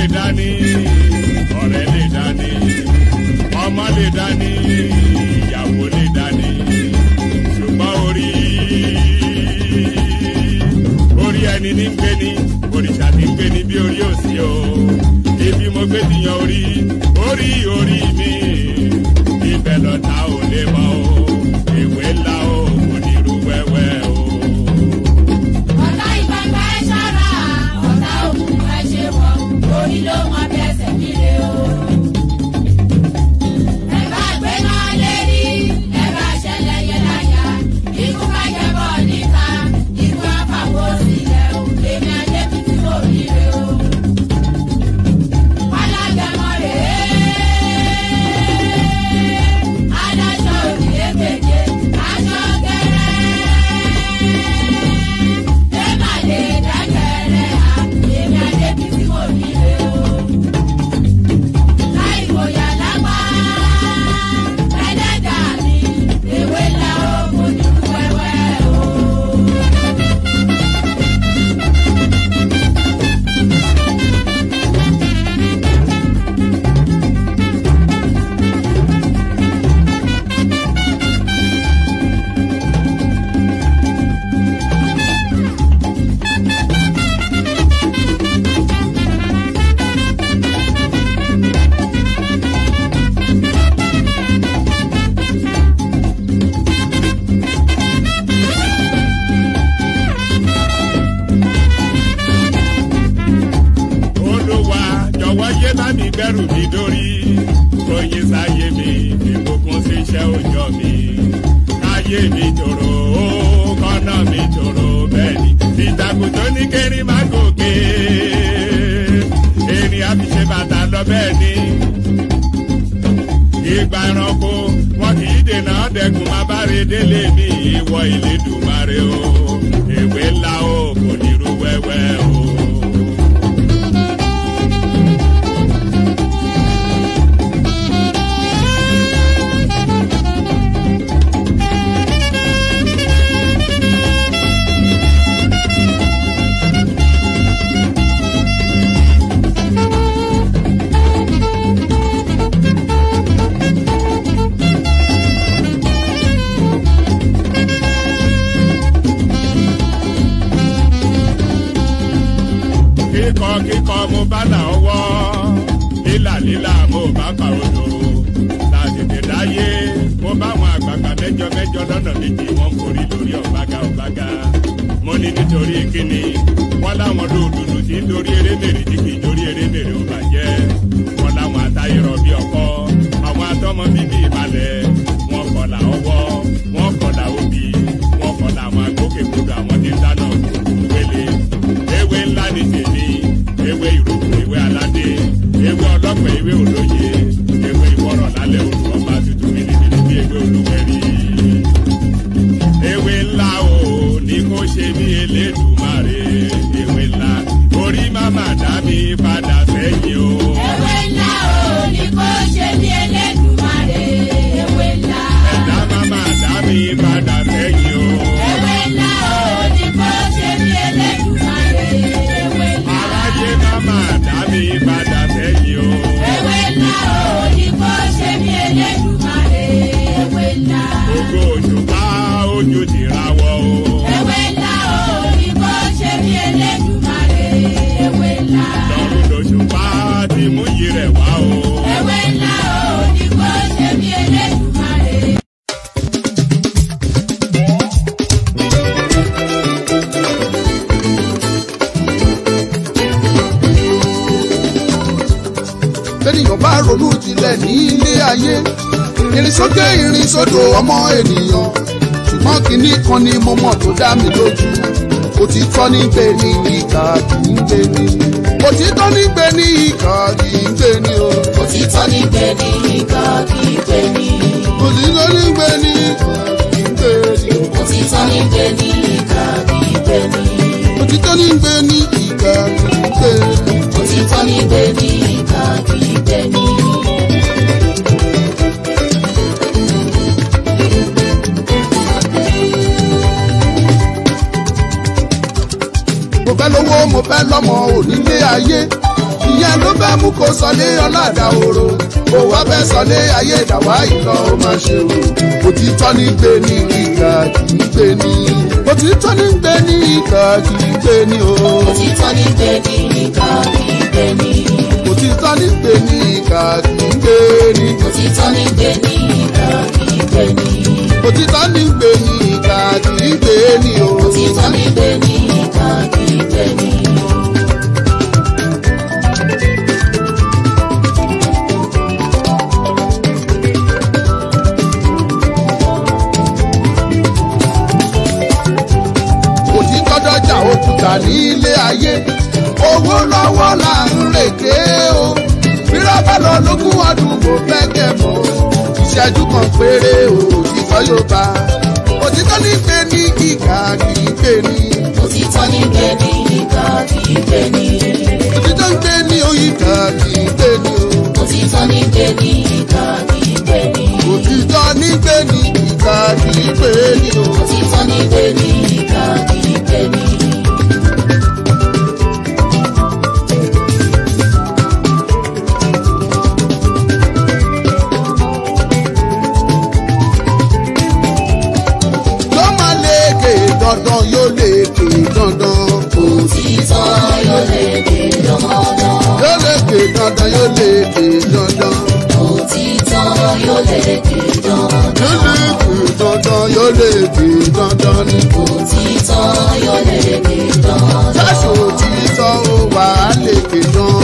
lè dání ọ̀rẹ́ lè dání ọmọ lè dání ìyàwó lè dání ṣùgbọ́n orí orí ẹni ní gbé ní òrìṣà ní gbé ní bí orí òsì o ibi mo gbé tìyàn orí orí orí mi ibẹ̀ lọ́ta ò lè mọ́ o. sáré délé mi ìwọ ìlédùmarè o èwe ńlá o. tẹ́nìyàn bá ronú jinlẹ̀ ní ilé ayé ìrìnsókè ìrìnsódò ọmọ ènìyàn ṣùgbọ́n kínní kan ni mo mọ̀ tó dá mi lójú òtítọ́ ní gbé ní ìkà kì í gbé ní òtítọ́ ní gbé ní ìkà kì í gbé ní o. òtítọ́ ní gbé ní ìkà kì í gbé ní. òtítọ́ ní gbé ní ìkà kì í gbé ní. òtítọ́ ní gbé ní ìkà kì í gbé ní. òtítọ́ ní gbé ní gbé ní ìkà kì í gbé ní. mo fẹ́ lọ́mọ onílé ayé ìyẹn ló fẹ́ mú kó sọlé ọlọ́dà òru kó wá fẹ́ sọlé ayé ìdàwá ìlọ máa ṣe o òtítọ́ ní gbé ní ìgbà kì í gbé ní òtítọ́ ní gbé ní ìgbà kì í gbé ní o. òtítọ́ ní gbé ní ìgbà kì gbé ní. òtítọ́ ní gbé ní ìgbà kì gbé ní. òtítọ́ ní gbé ní ìgbà kì gbé ní. òtítọ́ ní gbé ní ìtọ́jú ìgbé ni o. òtítọ́ mi gbé ní ìtọ́jú ìgbé ni o. òkúta ní ilé ayé owó lọ́wọ́ là ń rèké o bírọ́bà lọ lógún ọdún kò fẹ́ kẹ̀ mọ́ ìṣẹ́jú kan péré o òtítọ́ yóò bá a. Òtítọ́ ní pé ní gíga kìí pé ní. Òtítọ́ ní pé ní gíga kìí pé ní. Òtítọ́ ní pé ní oyíká kìí pé ní o. Òtítọ́ ní pé ní gíga kìí pé ní. Òtítọ́ ní pé ní gíga kìí pé ní Òtítọ́ ní pé ní gíga kìí pé ní. dandan yóò lè ké dandan. òtítọ́ yóò lè ké dandan. yóò lè ké dandan yóò lè ké dandan. òtítọ́ yóò lè ké dandan. yóò lè ké dandan yóò lè ké dandan ni. òtítọ́ yóò lè ké dandan. jésù òtítọ́ ó wà á lè ké dandan.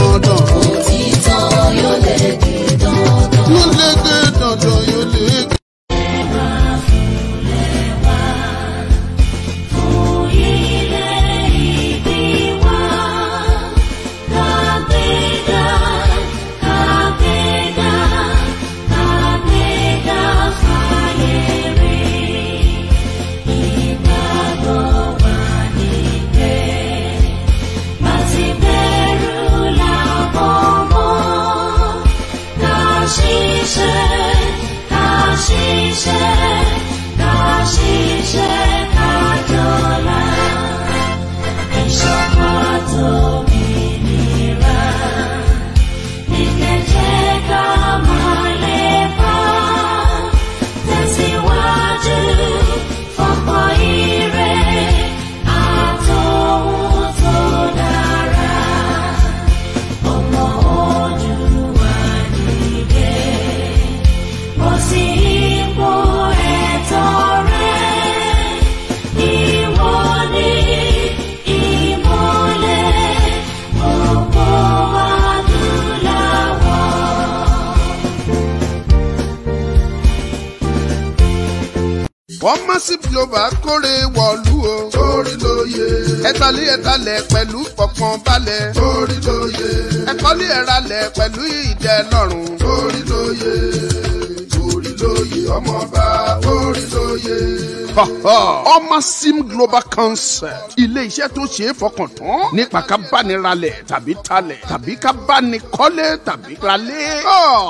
gossip ló bá kórè wọ̀lú o. torí ló yẹ. ẹtalé ẹtalẹ̀ pẹ̀lú pọ̀pọ̀n balẹ̀. torí ló yẹ. ẹkọ́lé ẹ̀ralẹ̀ pẹ̀lú ìdẹ́lọ́rùn. torí ló yẹ joyè ọmọọba orí lóye. ọmọ sim global concept ilé iṣẹ́ tó ṣe é fọkàn tán nípa ká bá ní ralẹ̀ tàbí talẹ̀ tàbí ká bá ní kọ́lé tàbí ralé.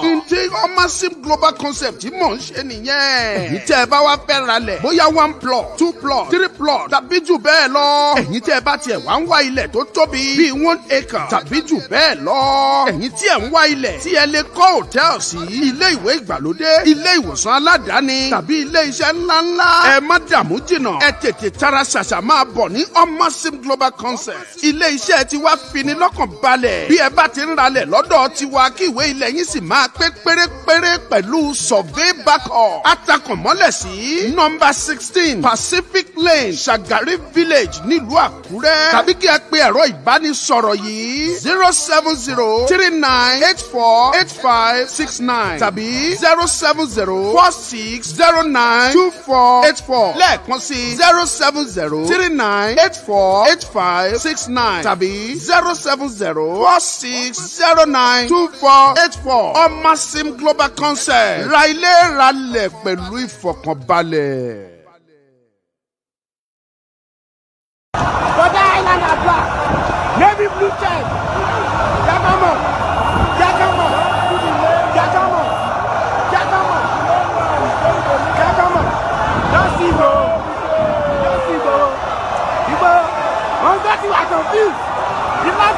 ǹjẹ́ ọmọ sim global concept tí mò ń ṣe nìyẹn. èyí tẹ́ ẹ bá wá fẹ́ ralẹ̀ bóyá one plot two plot three plot tàbí jù bẹ́ẹ̀ lọ. ẹ̀yin tẹ́ ẹ bá tiẹ̀ wá ń wá ilẹ̀ tó tóbi bíi one acre tàbí jù bẹ́ẹ̀ lọ. ẹ̀yin tí ẹ̀ ń wá ilẹ̀ tí ẹ lè kọ́ hòtẹ́ẹ̀lì ilé ìwé ìgbàlódé ilé ìwòsàn aládàáni tàbí ilé iṣẹ́ ńláńlá. ẹ má dààmú jìnnà ẹ tètè tara ṣàṣà máa bọ̀ ní omasim global concept. ilé iṣẹ́ ti wá fini lọ́kàn balẹ̀. bí ẹ bá ti ń ralẹ̀ lọ́dọ̀ tiwa kí ìwé ilẹ̀ yín sì máa pé pérépéré pẹ̀lú survey backup. atakàn mọ́lẹ̀ sí nọ́mbà sixteen pacific lane shagari village nílùú àkúrẹ́. tàbí kí ẹ pe ẹ̀rọ ìbánisọ̀rọ̀ yìí zero seven zero three nine eight four eight five six nine tàbí zero seven zero zero four six zero nine two four eight four lẹ́ẹ̀kan sí zero seven zero three nine eight four eight five six nine tàbí zero seven zero four six zero nine two four eight four ọmọsim global concept ra ilé ra lẹ̀ pẹ̀lú ìfọkànbalẹ̀. bọ́dá island abba navy blue tank.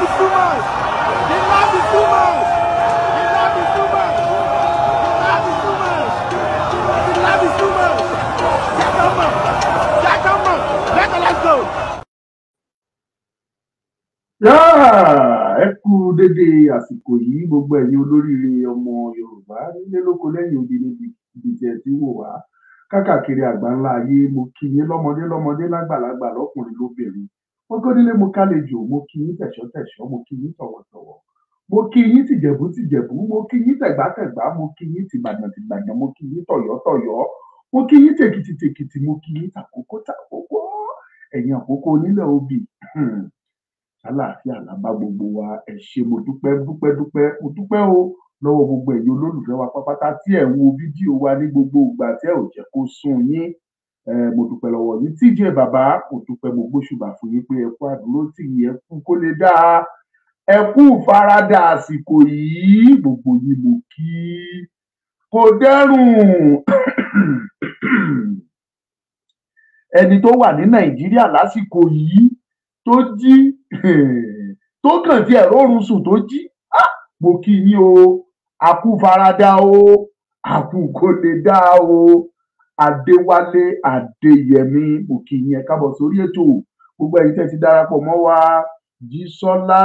be too much. Did not be too much. Did not be too much. Did not be too much. Did not be too much. Jack come up. Jack come up. Let the lights go. ẹ kú dédé àsìkò yìí gbogbo ẹ̀yin olóríire ọmọ Yorùbá nílé lóko lẹ́yìn odi níbi ìdíje tí wò wá kákàkiri àgbáńlá ayé mo kí yín lọ́mọdé lọ́mọdé lágbàlagbà lọ́kùnrin lóbìnrin mo gbódélé mo kálejò mo kí yín tẹ̀ṣọ́tẹ̀ṣọ́ mo kí yín tọ̀wọ̀tọ̀wọ̀ mo kí yín tìjẹ̀bú tìjẹ̀bú mo kí yín tẹ̀gbátẹ̀gbá mo kí yín tìbàdàn tìbàdàn mo kí yín tọ̀yọ́tọ̀yọ́ mo kí yín tèkìtì tèkìtì mo kí yín tàkókó tàkókó ẹ̀yin àkókó onílẹ̀ obì hmm, àlàáfíà làbá gbogbo wa ẹ ṣé mo dúpẹ́ dúpẹ́ dúpẹ́ mo dúpẹ́ o lọ́wọ́ gbogbo ẹ̀yin olólùfẹ́ wa pápátá tí ẹ ń wo fídíò wa ní gbogbo ìgbà tí ẹ ò jẹ́ kó sún yín mo dúpẹ́ lọ́wọ́ yín TJ bàbá mo dúpẹ́ mo gbóṣùbà fún yín pé ẹ kú àdúró tì yín ẹ kú kó lè dáa ẹ kú faradà àsìkò yìí gbogbo yín mo kí kò dẹrùn ẹni tó wà ní nàìjíríà lásìkò yìí tó jí tó kàn tí ẹ̀rọ oorun sùn tó jí mo kí yín o àkú faradà o àkú kó lè dáa o adéwálé adéyẹmí mo kí yín ẹ káàbọ̀ sórí ètò gbogbo ẹ̀yin tẹ́ ti darapọ̀ mọ́ wa jísọ́lá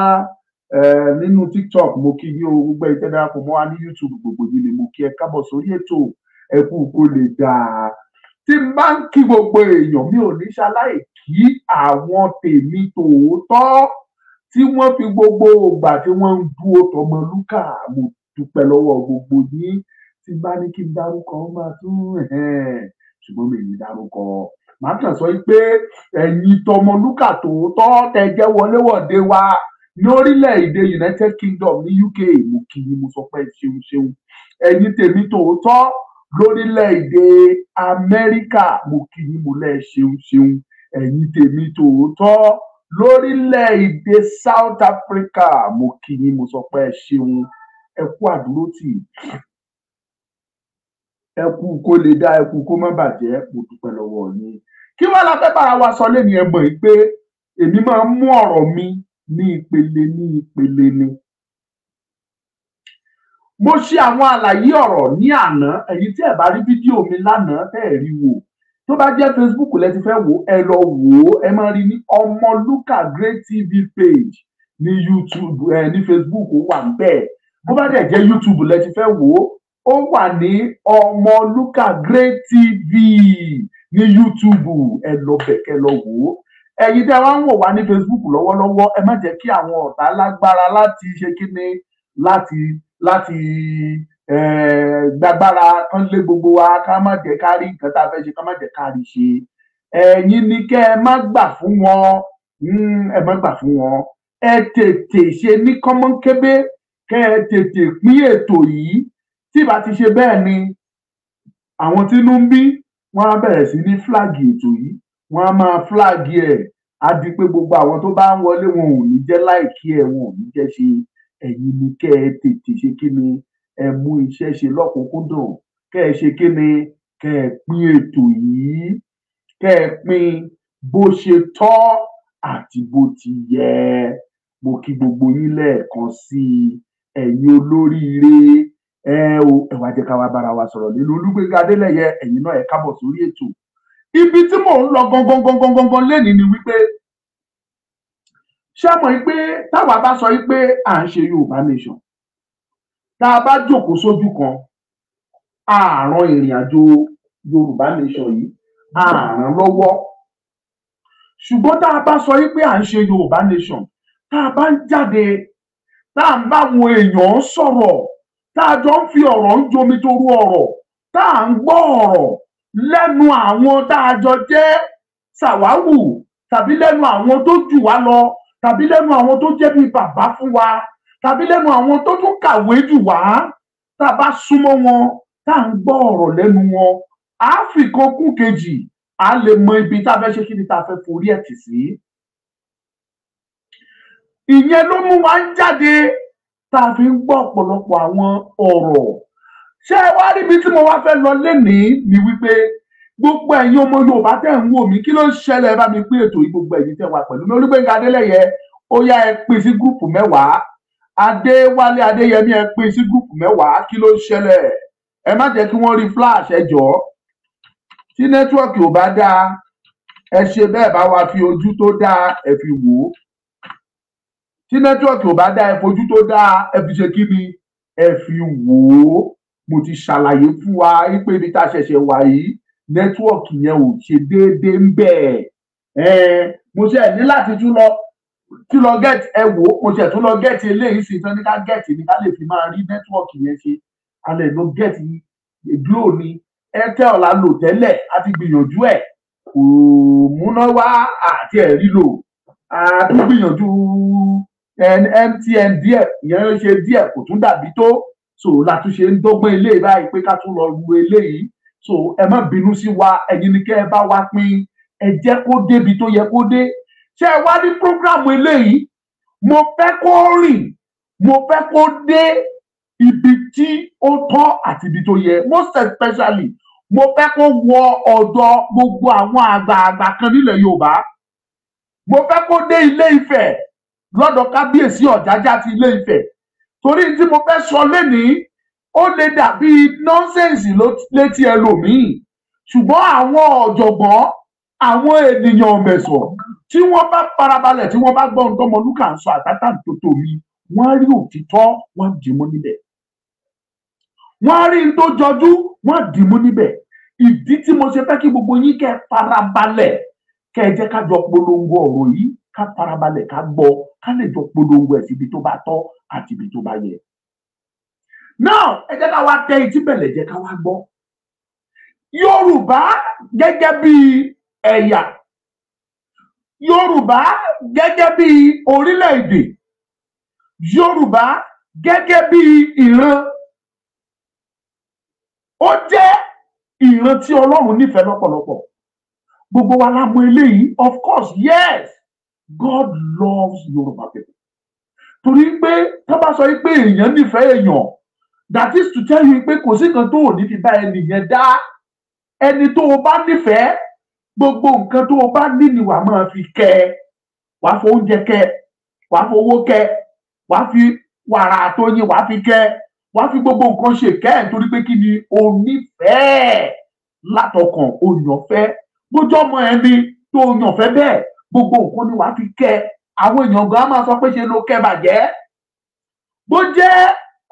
nínú tiktok mo kí yín o gbogbo ẹ̀yin tẹ́ darapọ̀ mọ́ wa ní youtube gbogbo yín lè mo kí ẹ káàbọ̀ sórí ètò ẹ kú kó lè dáa tí n bá ń kí gbogbo èèyàn mi ò ní ṣaláì kí àwọn tèmi tòótọ́ tí wọ́n fi gbogbo ògbà tí wọ́n ń dúró tọmọlúkà mo dúpẹ́ lọ́wọ́ gbogbo yín tí bá ní kí n dárúkọ ó máa tún ṣùgbọ́n mi ò ní dárúkọ màá kàn sọ pé ẹ̀yin tọmọlúkà tòótọ́ tẹ jẹ́ wọléwọ̀de wa ní orílẹ̀-èdè United Kingdom ní UK mo kí yín mo sọ pé ṣeun ṣeun ẹ̀yin tèmi tòótọ́ lórílẹ̀-èdè Amẹ́ríkà mo kí yín mo lẹ́ ṣeun ṣeun ẹ̀yin tèmi tòótọ́ lórílẹ̀-èdè South Africa mo kí yín mo sọ pé ṣeun ẹ àdúró tì í ẹkú kó lè dá ẹkú kó má bàjẹ́ mo dúpẹ́ lọ́wọ́ yín kí wọ́n la fẹ́ bára wa sọ lẹ́nu ẹ mọ̀ pé èmi máa ń mú ọ̀rọ̀ mi ní ìpele ní ìpele ni mo ṣe àwọn àlàyé ọ̀rọ̀ ní àná èyí tí ẹ bá rí fídíò mi lánàá tẹ́ ẹ rí wò tó bá jẹ́ Facebook lẹ ti fẹ́ wò ẹ lọ wò ó ẹ máa rí ní Ọmọlúkà Great TV page ní YouTube ẹ ní Facebook ó wà ń bẹ́ẹ̀ bó bá dẹ̀ jẹ́ YouTube lẹ ti fẹ́ wò ó ó wà ní ọmọlúkà great tv ní youtube ẹ lọ bẹkẹ lọ wò ó ẹ̀yin tẹ́ wá ń wò wá ní facebook lọ́wọ́lọ́wọ́ ẹ má jẹ́ kí àwọn ọ̀tá lágbára láti ṣe kí ni láti láti gbàgbára kán lé gbogbo wa ká má jẹ́ ká rí nǹkan tá a fẹ́ ṣe ká má jẹ́ ká rí ṣe ẹ̀yin ni kẹ́ ẹ má gbà fún wọn hmm, ẹ má gbà fún wọn ẹ tètè ṣe ní kọ́mọ́nkébé kẹ́ ẹ tètè pín ètò yìí tí ìbá ti ṣe bẹ́ẹ̀ ni àwọn tínú ń bí wọn á bẹ̀rẹ̀ sí ní fúláàgì ètò yìí wọn á máa fúláàgì ẹ̀ á di pé gbogbo àwọn tó bá ń wọlé wọn ò ní jẹ́ láìkí ẹ̀ wọn ò ní jẹ́ ṣe ẹ̀yin ni kẹ́ ẹ tètè ṣe kí ni ẹ mú iṣẹ́ ṣe lọ́kùnkúndùn kẹ́ ẹ ṣe kí ni kẹ́ ẹ pín ètò yìí kẹ́ ẹ pín bó ṣe tọ́ àti bó ti yẹ mo kí gbogbo yín lẹ́ẹ̀kan sí ẹ̀yin olóríire ẹ o ẹ wá jẹ ká wá bára wa sọ̀rọ̀ lílo Olúgbénga Adélẹ́yẹ ẹ̀yin náà ẹ káàbọ̀ sórí ètò ibi tí mò ń lọ gangan gangan gangan lẹ́nìí ni wípé ṣé mọ̀ pé táwa bá sọ pé à ń ṣe Yorùbá nation tá a bá jókòó sójú kan ààrùn ìrìn àjò Yorùbá nation yìí ààrùn lọ́wọ́ ṣùgbọ́n tá a bá sọ pé à ń ṣe Yorùbá nation tá a bá ń jáde tá a bá àwọn èèyàn sọ̀rọ̀ tá a jọ ń fi ọ̀rọ̀ ń jomi torú ọ̀rọ̀ tá à ń gbọ́ ọ̀rọ̀ lẹ́nu àwọn tá a jọ jẹ́ sàwáwù tàbí lẹ́nu àwọn tó jù wá lọ tàbí lẹ́nu àwọn tó jẹ́ bíi bàbá fún wa tàbí lẹ́nu àwọn tó tún kàwé jù wá tá a bá súnmọ́ wọn tá à ń gbọ́ ọ̀rọ̀ lẹ́nu wọn á fi kan kún kejì á lè mọ ibi tá a fẹ́ ṣe kí ni tá a fẹ́ forí ẹ̀ tì sí. ìyẹn ló mú wa ń jáde tá a fi ń gbọ́ ọ̀pọ̀lọpọ̀ àwọn ọ̀rọ̀ ṣé ẹ wá ríbi tí mo wá fẹ́ lọ lénìí ni wípé gbogbo ẹ̀yin ọmọ Yorùbá tẹ́ ń wò mí kí ló ń ṣẹlẹ̀ bá mi pé ètò yìí gbogbo ẹ̀yin tẹ́ wà pẹ̀lú mi Olúgbénga Adélẹ́yẹ ó yá ẹ pín sí gúrùpù mẹ́wàá Adéwálé Adéyẹmí ẹ pín sí gúrùpù mẹ́wàá kí ló ń ṣẹlẹ̀ ẹ má jẹ́ kí wọ́n rí flash ẹ jọ̀ọ́ tí nẹ́tíwọ̀kì ò bá dáa ẹ ṣe bẹ́ẹ̀ bá wa fi ojú tó dáa ẹ fi wò ó tí nẹ́tíwọ̀kì ò bá dá ẹ fojú tó dáa ẹ fi ṣe kí ni ẹ fi wò ó mo ti ṣàlàyé fún wa pé ibi tá a ṣẹ̀ṣẹ̀ wà yìí nẹ́tíwọ̀kì yẹn ò ṣe déédéé ń bẹ̀ ẹ̀ mo ṣe ní láti tún lọ tún lọ gẹ́ẹ̀tì ẹ wò ó mo ṣe tún lọ gẹ́ẹ̀tì eléyìí sì tán ní ká gẹ́ẹ̀tì ní ká lè fi máa rí nẹ́tíwọ̀kì yẹn ṣe alẹ́ ló gẹ́ẹ̀tì glo ni airtel la lò tẹ́lẹ̀ a ti gbìyànjú ẹ̀ kò múná wá àti ẹ̀rí lò a tún gbìyànjú mtn díẹ̀ ìyẹn ló ṣe díẹ̀ kò tún dàbí tó so látúnṣe ń dọ́gbọ́n eléyìí báyìí pé ká tún lọ ru eléyìí so ẹ má bínú sí wa ẹ̀yin ni kẹ́ ẹ bá wa pín ẹ jẹ́ kó débi tó yẹ kó dé ṣé ẹ wá ní prógráàmù eléyìí mo fẹ́ kó rìn mo fẹ́ kó dé ibi tí ó tọ́ àti ibi tó yẹ most especially mo fẹ́ kó wọ ọ̀dọ̀ gbogbo àwọn àgbààgbà kan nílẹ̀ Yorùbá mo fẹ́ kó dé Ilé Ifẹ̀ lọ́dọ̀ kábíyèsí ọ̀jájá ti ilé Ifẹ̀ torí tí mo fẹ́ sọ lénìí ó lè dàbí nọ́nsẹ̀nsì létí ẹlòmíì ṣùgbọ́n àwọn ọ̀jọ̀gbọ́n àwọn ènìyàn mẹ̀sọ̀ tí wọ́n bá farabalẹ̀ tí wọ́n bá gbọ́ ohun tọ́mọ lúkà ń sọ àtàtà tòtò mi wọ́n rí òtítọ́ wọ́n dì mú níbẹ̀ wọ́n rí n tó jọjú wọ́n dì mú níbẹ̀ ìdí tí mo ṣe fẹ́ kí gbogbo yín kẹ́ farabalẹ̀ kẹ́ ẹ jẹ́ ká jọ polongo ọ̀rọ̀ yìí ká farabalẹ̀ ká gbọ́ ká lè jọ polówó ẹ̀ síbi tó bá tọ́ àti ibi tó bá yẹ. now ẹ jẹ́ ká wá tẹ etí bẹ̀lẹ̀ jẹ́ ká wá gbọ́ yorùbá gẹ́gẹ́ bí ẹ̀yà yorùbá gẹ́gẹ́ bí orílẹ̀-èdè yorùbá gẹ́gẹ́ bí ìran ó jẹ́ ìran tí ọlọ́run nífẹ̀ẹ́ lọ́pọ̀lọpọ̀ gbogbo wa la mọ̀ eléyìí of course yes God loves Yorùbá people torí pé tó bá sọ pé èèyàn nífẹ̀ẹ́ èèyàn that is to tell you pé kò sí nǹkan tó ò ní fi bá ẹni yẹn dá ẹni tó o bá nífẹ̀ẹ́ gbogbo nǹkan tó o bá ní ni wàá máa fi kẹ́ ẹ wàá fọ oúnjẹ kẹ́ ẹ wàá fowó kẹ́ ẹ wàá fi wàrà àtọyìn wàá fi kẹ́ wàá fi gbogbo nǹkan ṣe kẹ́ ẹ torí pé kí ni o nífẹ̀ẹ́ látọkàn o yàn ẹni tó o bẹ́ẹ̀ gbogbo nǹkan ni wàá fi kẹ àwọn èèyàn gan á máa sọ pé ṣe ló kẹ bàjẹ́ bó jẹ́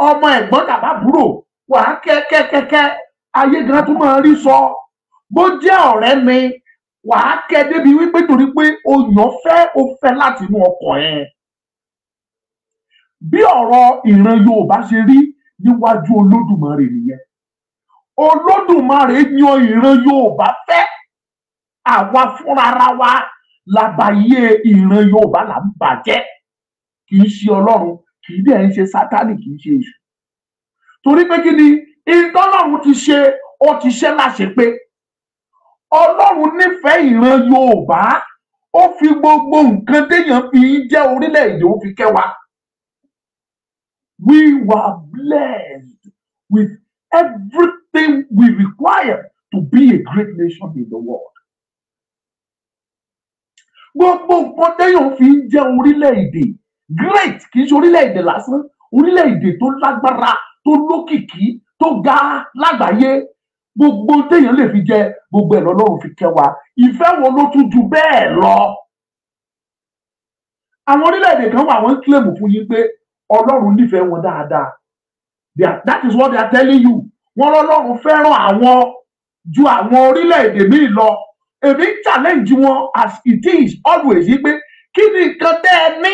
ọmọ ẹ̀gbọ́n tàbá búrò wàá kẹ kẹkẹkẹ ayé gan tún máa rí sọ bó jẹ́ ọ̀rẹ́ mi wàá kẹ débi wípé torí pé o fẹ́ o fẹ́ láti inú ọkàn ẹ bí ọ̀rọ̀ ìran Yorùbá ṣe rí níwájú Olódùmarè nìyẹn Olódùmarè yan ìran Yorùbá fẹ́ àwa fúnra wa lábàáyé ìran yorùbá là ń bàjẹ́ kì í ṣe ọlọ́run kì í dẹ̀ ń ṣe sátánì kì í ṣe èṣù torí pé kí ni ìtọ́lọ́run ti ṣe ó ti ṣe láṣẹ pé ọlọ́run nífẹ̀ẹ́ ìran yorùbá ó fi gbogbo nǹkan téèyàn fi jẹ́ orílẹ̀-èdè ó fi kẹwàá we were blessed with everything we require to be a great nation in the world gbogbo nǹkan téèyàn fi ń jẹ́ orílẹ̀-èdè great kì í ṣe orílẹ̀-èdè lásán orílẹ̀-èdè tó lágbára tó lókìkí tó ga lágbàáyé gbogbo téèyàn lè fi jẹ gbogbo ẹ̀ lọ́lọ́run fi kẹ́ wa ìfẹ́ wọn ló tún ju bẹ́ẹ̀ lọ. àwọn orílẹ̀-èdè kan wà wọ́n ń kílèmù fún yín pé ọlọ́run nífẹ̀ẹ́ wọn dáadáa that is what they are telling you wọ́n lọ́lọ́run fẹ́ràn àwọn ju àwọn orílẹ̀-èdè míì lọ èmi ń challenge wọn as it is always yí pé kí ni nǹkan tẹ́ ẹ ní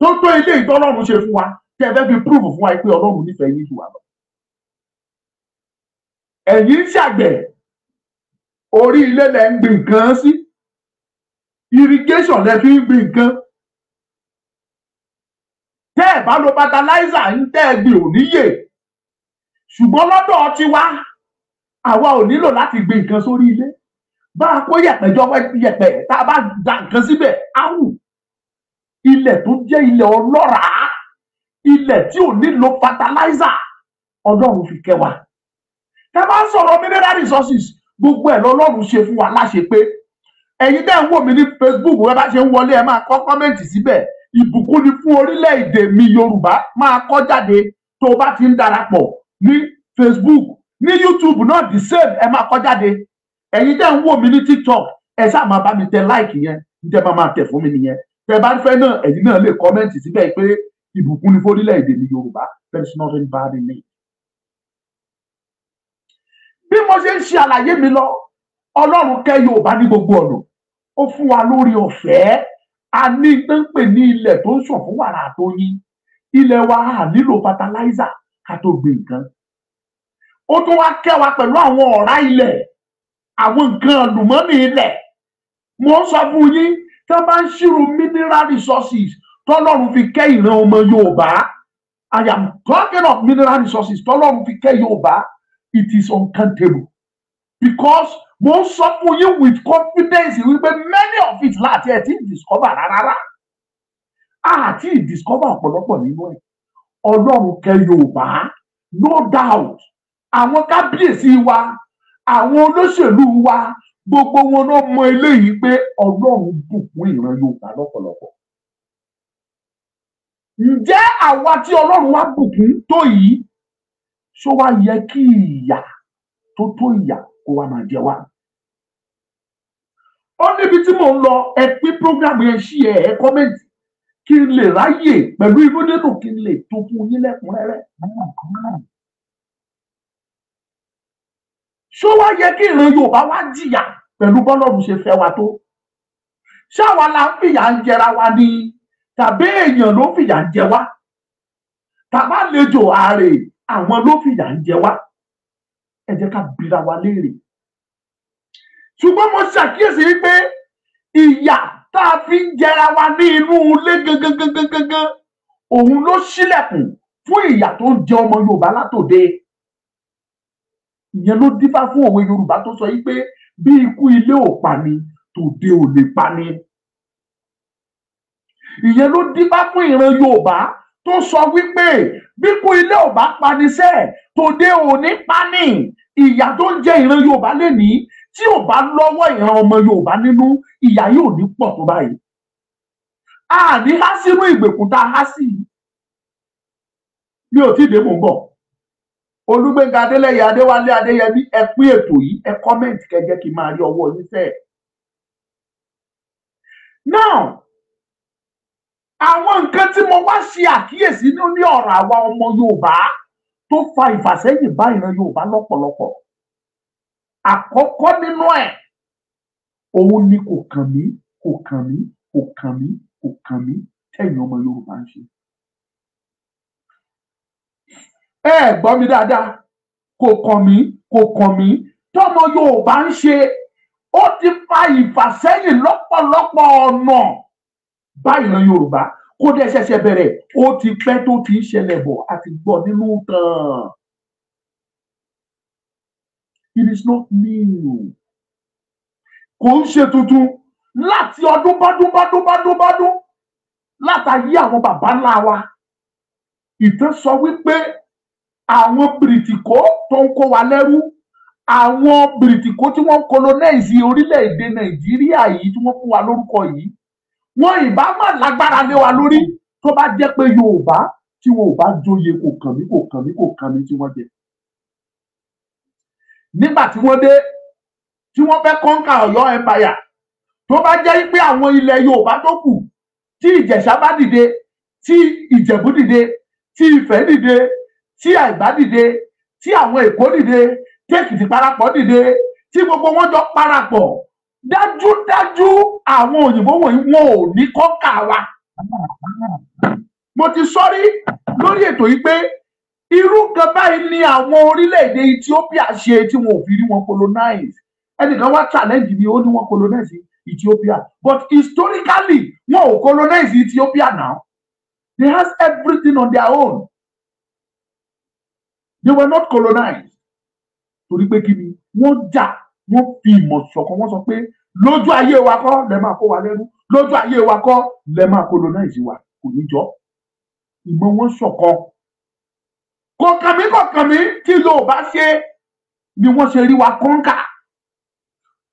tó tó ilé ìtọ́lọ́run ṣe fún wa tẹ́ ẹ fẹ́ fi prove fún wa pé ọlọ́run nífẹ̀ẹ́ yín jù wá lọ. ẹ̀yin ń ṣàgbẹ̀ orí ilé lẹ ń gbìn nǹkan sí irrigation lẹ fi ń gbìn nǹkan tẹ́ ẹ bá lo fertilizer ń tẹ́ ẹ gbìn ò níyè ṣùgbọ́n lọ́dọ̀ tiwa àwa ò nílò láti gbìn nǹkan sórí ilé bá a kó yẹ̀pẹ̀ jọ yẹ̀pẹ̀ tá a bá da nǹkan síbẹ̀ á wù ilẹ̀ tó jẹ́ ilẹ̀ ọlọ́ràá ilẹ̀ tí ò nílò fertilizer ọlọ́run fi kẹ́ wa tá a bá ń sọ̀rọ̀ mineral resources gbogbo ẹ̀ lọ́lọ́run ṣe fún wa láṣẹ pé ẹ̀yin tẹ́ ń wò mí ní Facebook ẹ bá ṣe ń wọlé ẹ máa kọ́ kọ́mẹ́ǹtì síbẹ̀ ìbùkún ni fún orílẹ̀-èdè mi Yorùbá máa kọ́ jáde tó o bá ti ń darapọ̀ ní Facebook ní YouTube náà the same ẹ máa kọ́ jáde ẹ̀yin tẹ́ ń wò mí ní tiktok ẹ sáà máa bá mi tẹ láìkì yẹn ní tẹ́ máa máa tẹ̀ fún mi nìyẹn tẹ́ bá fẹ́ náà ẹ̀yin náà lè kọ́mẹ́ǹtì síbẹ̀ pé ìbùkún ni fórílẹ̀-èdè mi yorùbá there is nothing bad in it. bí mo ṣe ń ṣe àlàyé mi lọ ọlọ́run kẹ́ yorùbá ní gbogbo ọ̀nà ó fún wa lórí ọ̀fẹ́ a ní tó ń pè ní ilẹ̀ tó ń sàn fún wàrà àtọyín ilẹ̀ wa a nílò fertilizer ká tó gbé nǹkan ó tún wá kẹ́ wa pẹ̀lú àwọn ọ̀rá ilẹ̀ àwọn nǹkan àlùmọ́nì ilẹ̀ mo ń sọ fún yín tá a bá ń ṣírò mineral resources tọ́lọ́run fi kẹ́ ìran ọmọ Yorùbá I am talking of mineral resources tọ́lọ́run fi kẹ́ Yorùbá it is uncountable because mo ń sọ fún yín with confidence wípé many of it láti ẹ̀ tí ì discover rárá àti ì discover ọ̀pọ̀lọpọ̀ nínú ẹ̀ ọlọ́run kẹ́ Yorùbá no doubt àwọn kábíyèsí wa àwọn olóṣèlú wa gbogbo wọn náà mọ eléyìí pé ọlọ́run bùkún ìran yorùbá lọ́pọ̀lọpọ̀ ǹjẹ́ àwa tí ọlọ́run wa bùkún tó yìí ṣó wá yẹ kí ìyà tó tó ìyà kó wá máa jẹ wá ó níbi tí mò ń lọ ẹ pín program yẹn ṣí ẹ ẹ kọ́mẹ́ǹtì kí n lè ráyè pẹ̀lú inú dídùn kí n lè tó fún yín lẹ́kùnrẹ́rẹ́ ṣó wá yẹ kí ìran Yorùbá wá jìyà pẹ̀lú bọ́lọ́run ṣe fẹ́ wa tó ṣáwa la ń fìyà ń jẹra wa ni tàbí èèyàn ló fìyà ń jẹ wá tàbá lejò ààrẹ àwọn ló fìyà ń jẹ wá ẹ jẹ́ ká bira wa léèrè ṣùgbọ́n mo ṣàkíyèsí wípé ìyà tá a fi ń jẹra wa ní inú ilé gangan gangan gangan òun ló ṣílẹ̀kùn fún ìyà tó ń jẹ ọmọ Yorùbá látòde ìyẹn ló dífá fún òwe yorùbá tó sọ yìí pé bí ikú ilé ò pa ni tòde ò lè pa ni ìyẹn ló dífá fún ìran yorùbá tó sọ wípé bí ikú ilé ò bá pa ni sẹ́ẹ̀ tòde ò ní pa ni ìyà tó ń jẹ ìran yorùbá lénìí tí ò bá lọ́wọ́ ìran ọmọ yorùbá nínú ìyà yóò ní pọ̀ tó báyìí a ní há sínú ìgbèkùn tá a há sí mi ò tí dé mò ń bọ̀ olúgbẹ̀ngà adélẹyẹ adéwálé adéyẹbí ẹ pín ètò yìí ẹ kọmẹǹtì kẹjẹ kí n máa rí ọwọ́ yín sẹ now àwọn nǹkan tí mo wá ṣe àkíyèsí ní ọ̀rọ̀ àwa ọmọ yorùbá tó fa ìfàsẹ́yìn bá ìran yorùbá lọ́pọ̀lọpọ̀ àkọ́kọ́ nínú ẹ̀ òun ni kò kàn mí kò kàn mí kò kàn mí kò kàn mí tẹ̀yìn ọmọ yorùbá ń ṣe ẹ gbọ́ mi dáadáa kò kàn mí kò kàn mí tọmọ Yorùbá ń ṣe ó ti fa ìfàsẹ́yìn lọ́pọ̀lọpọ̀ ọ̀nà báyìí lọ Yorùbá kó dé ṣẹ̀ṣẹ̀ bẹ̀rẹ̀ ó ti pẹ́ tó ti ń ṣẹlẹ̀ bọ̀ àti gbọ́ nínú tán it is not new kò ń ṣe tuntun láti ọdún bọ́dún bọ́dún bọ́dún bọ́dún látàyé àwọn baba ńlá wa ìtàn sọ wípé àwọn bìrìtìkó tó ń kó wa lẹ́rú àwọn bìrìtìkó tí wọ́n colonize orílẹ̀-èdè nàìjíríà yìí tí wọ́n fún wa lórúkọ yìí wọn ìbá má lágbára lé wa lórí tó bá jẹ́ pé yorùbá tí wọn ò bá joyè kò kàn mí kò kàn mí kò kàn mí tí wọ́n jẹ. nígbà tí wọ́n dé tí wọ́n fẹ́ kọ́ńkà ọ̀yọ́ empire tó bá jẹ́ pé àwọn ilẹ̀ yorùbá tó kù tí ìjẹ̀ṣà bá dìde tí ìjẹ̀bú dìde tí ifẹ̀ dìde tí àìgbá dìde tí àwọn èkó dìde tí èkìtì parapọ̀ dìde tí gbogbo wọn jọ parapọ̀ dájúdájú àwọn òyìnbó wọ̀nyí wọn ò ní kọ́kà wa. mo ti sọ́rí lórí ètò yìí pé irú nǹkan báyìí ni àwọn orílẹ̀-èdè Ethiopia ṣe tí wọn ò fi rí wọn colonize ẹnìkan wá challenge mi ó ní wọn colonize Ethiopia but historically wọn ò colonize Ethiopia now they has everything on their own they were not colonized torí pé kí ni wọ́n jà wọ́n fi ìmọ̀ ṣọ̀kan wọ́n sọ pé lójú ayé wa kọ́ lẹ máa kó wa lẹ́rú lójú ayé wa kọ́ lẹ máa colonize wa kò ní jọ ìmọ̀ wọn ṣọ̀kan kọ̀kànmí kọ̀kànmí tí ló bá ṣe ni wọ́n ṣe rí wa kọ́ńkà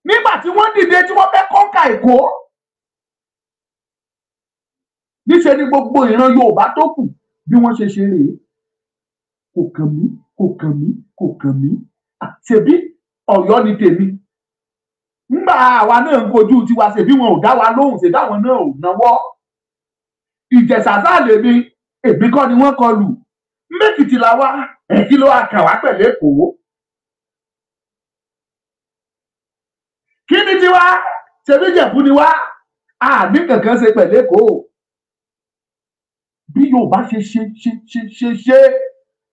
nígbà tí wọ́n dìde tí wọ́n fẹ́ kọ́ńkà èkó níṣẹ́ ni gbogbo ìran Yorùbá tó kù bí wọ́n ṣe ṣe rèé kọ̀kànmí kò kàn mí kò kàn mí ṣèbí Ọ̀yọ́ ni tèmi ńgbà àwa náà ń kojú tiwa ṣèbí wọn ò dá wa lóhùn ṣèbí àwọn náà ò náwọ́ Ìjẹ̀ṣà sáà èmi kọ́ ni wọ́n kọlù mẹ́kìtì la wá èkì ló wá kàn wá pẹ̀lú èkó. kí ni tiwa ṣèbí Jẹ̀bú ni wá àmì kankan ṣe pẹ̀lú èkó bí Yorùbá ṣe ṣe ṣe ṣe ṣe. ṣe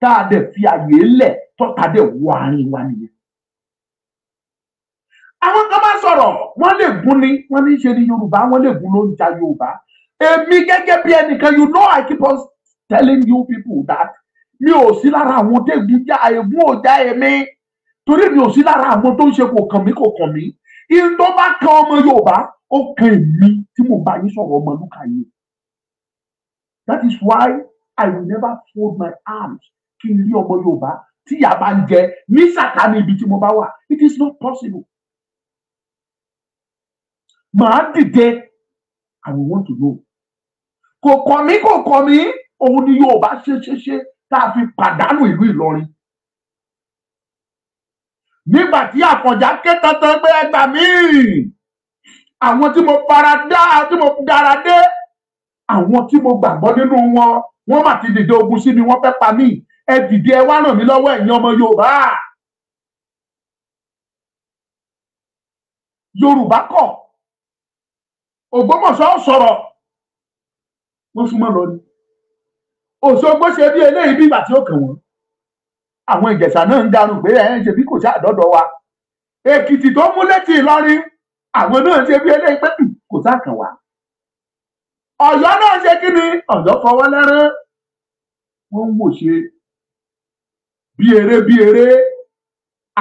tá a dẹ̀ fi àyè lẹ̀ tọ́ta dẹ̀ wọ àárín wa nìyẹn. àwọn kan bá sọ̀rọ̀ wọ́n lè gún ni wọ́n ní ṣe ní yorùbá wọ́n lè gún ló ń ja yorùbá èmi gẹ́gẹ́ bí ẹnìkan you know I keep on telling you people that mi ò sí lára àwọn tó ègún já ègún ò já èmi torí mi ò sí lára àwọn tó ń ṣe kò kàn mí kò kàn mí ihun tó bá kan ọmọ yorùbá ó kan èmi tí mo bá yín sọ̀rọ̀ ọmọlúkà yìí that is why I will never fold my arms kí ilé ọmọ Yorùbá tí ìyá bá ń jẹ ní sàkání ibi tí mo bá wà it is not possible màá dìde I want to know kò kọ́ mi kò kọ́ mi òun ni Yorùbá ṣe ṣe ṣe tá a fi pàdánù ìlú Ìlọrin nígbà tí Àfọ̀njá ké tantan pé ẹgbà míì àwọn tí mo fara dá tí mo dára dé àwọn tí mo gbàgbọ́ nínú wọn wọ́n mà ti dìde ogun sí mi wọ́n fẹ́ pa mí ẹ dìde ẹ wá ràn mí lọ́wọ́ ẹ̀yin ọmọ Yorùbá Yorùbá kọ̀ Ògbómọ̀ṣọ́ sọ̀rọ̀ wọ́n súnmọ́ lọ ni Òṣogbo ṣe bí eléyìí bí ìgbà tí ó kàn wọ́n àwọn Ìjẹ̀ṣà náà ń darun pé ẹ ń ṣe bí kò sí àdọ́dọ̀ wa Èkìtì tó mú létí Ìlọrin àwọn náà ṣe bí eléyìí pé hmm, kò sá kàn wá Ọ̀yọ́ náà ṣe kí ni Ọ̀yọ́ fọwọ́ lẹ́rán wọ́n ń wò ṣe bí eré bí eré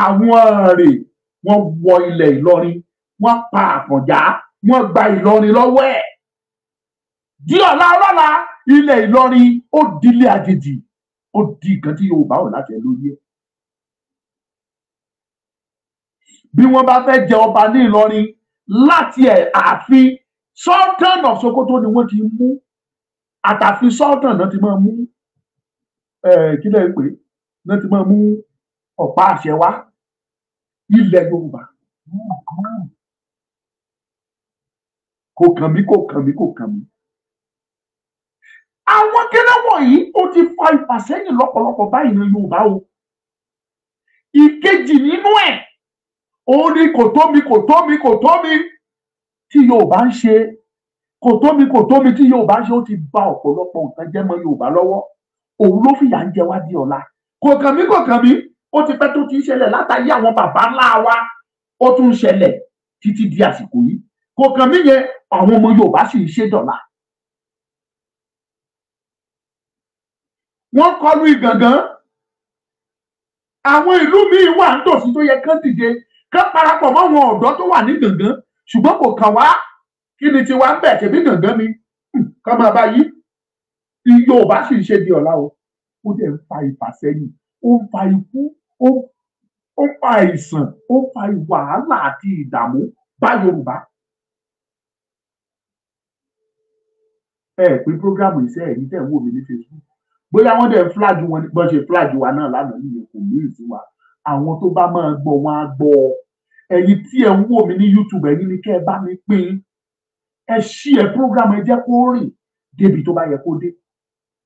àwọn ààrẹ wọ́n wọ ilẹ̀ Ìlọrin wọ́n pa Àfọ̀njá wọ́n gba Ìlọrin lọ́wọ́ ẹ̀ di ọ̀la ọlọ́la ilẹ̀ Ìlọrin ó di ilé àjèjì ó di nǹkan tí Yorùbá ò láti ẹ̀ lóye bí wọ́n bá fẹ́ jẹ ọba ní Ìlọrin láti ẹ̀ ààfin Sultan of Sokoto ni wọ́n ti mú àtàfin Sultan náà ti máa mú kí lẹ́yìn pé náà ti máa mú ọ̀pá àṣẹ wá ilẹ̀ Yorùbá kò kàn mí kò kàn mí kò kàn mí. àwọn kẹ́lẹ́ wọ̀nyí ó ti fa ìfàsẹ́yìn lọ́pọ̀lọpọ̀ báyìí ní Yorùbá o ìkejì nínú ẹ̀ òun ni kò tó mi kò tó mi kò tó mi tí Yorùbá ń ṣe kò tó mi kò tó mi tí Yorùbá ń ṣe ó ti ba ọ̀pọ̀lọpọ̀ nǹkan jẹ́ mọ́ Yorùbá lọ́wọ́ òun ló fìyà ń jẹ wá di ọ̀la kò kàn mí kò kàn mí ó ti pẹ́ tó ti ń ṣẹlẹ̀ látàyé àwọn bàbá ńlá wa ó tún ń ṣẹlẹ̀ títí di àsìkò yìí kò kàn mí yẹn àwọn ọmọ Yorùbá sì ń ṣe dọ̀la. wọ́n kọlu Ìgàngán àwọn ìlú míín wà ń tòsí tó yẹ kán dìde kán parapọ̀ mọ́ àwọn ọ̀dọ́ tó wà ní Ìgàngán ṣùgbọ́n kò kàn wá kí ni tiwa ń bẹ̀ ṣèbí Ìgàngán mi kán máa bá yí Yorùbá sì ń ṣe di ọ̀la o ó dẹ̀ ń fa ìfàsẹ́yìn ó ń fa ikú ó ń fa àìsàn ó ń fa wàhálà àti ìdààmú bá Yorùbá. ẹ ẹ pé programu iṣẹ́ ẹ̀yìn tẹ̀ ń wò mí ní Facebook bóyá wọ́n dẹ̀ flag wọn bọ́n ṣe flag wa náà lánàá nìyẹn kò ní ìsú wa àwọn tó bá máa gbọ́ wọn á gbọ́ ọ ẹ̀yin tí ẹ ń wò mí ní YouTube ẹ̀yin ni kẹ́ ẹ bá mi pín ẹ ṣí ẹ programu ẹ jẹ́ kó rìn débi tó bá yẹ kó dé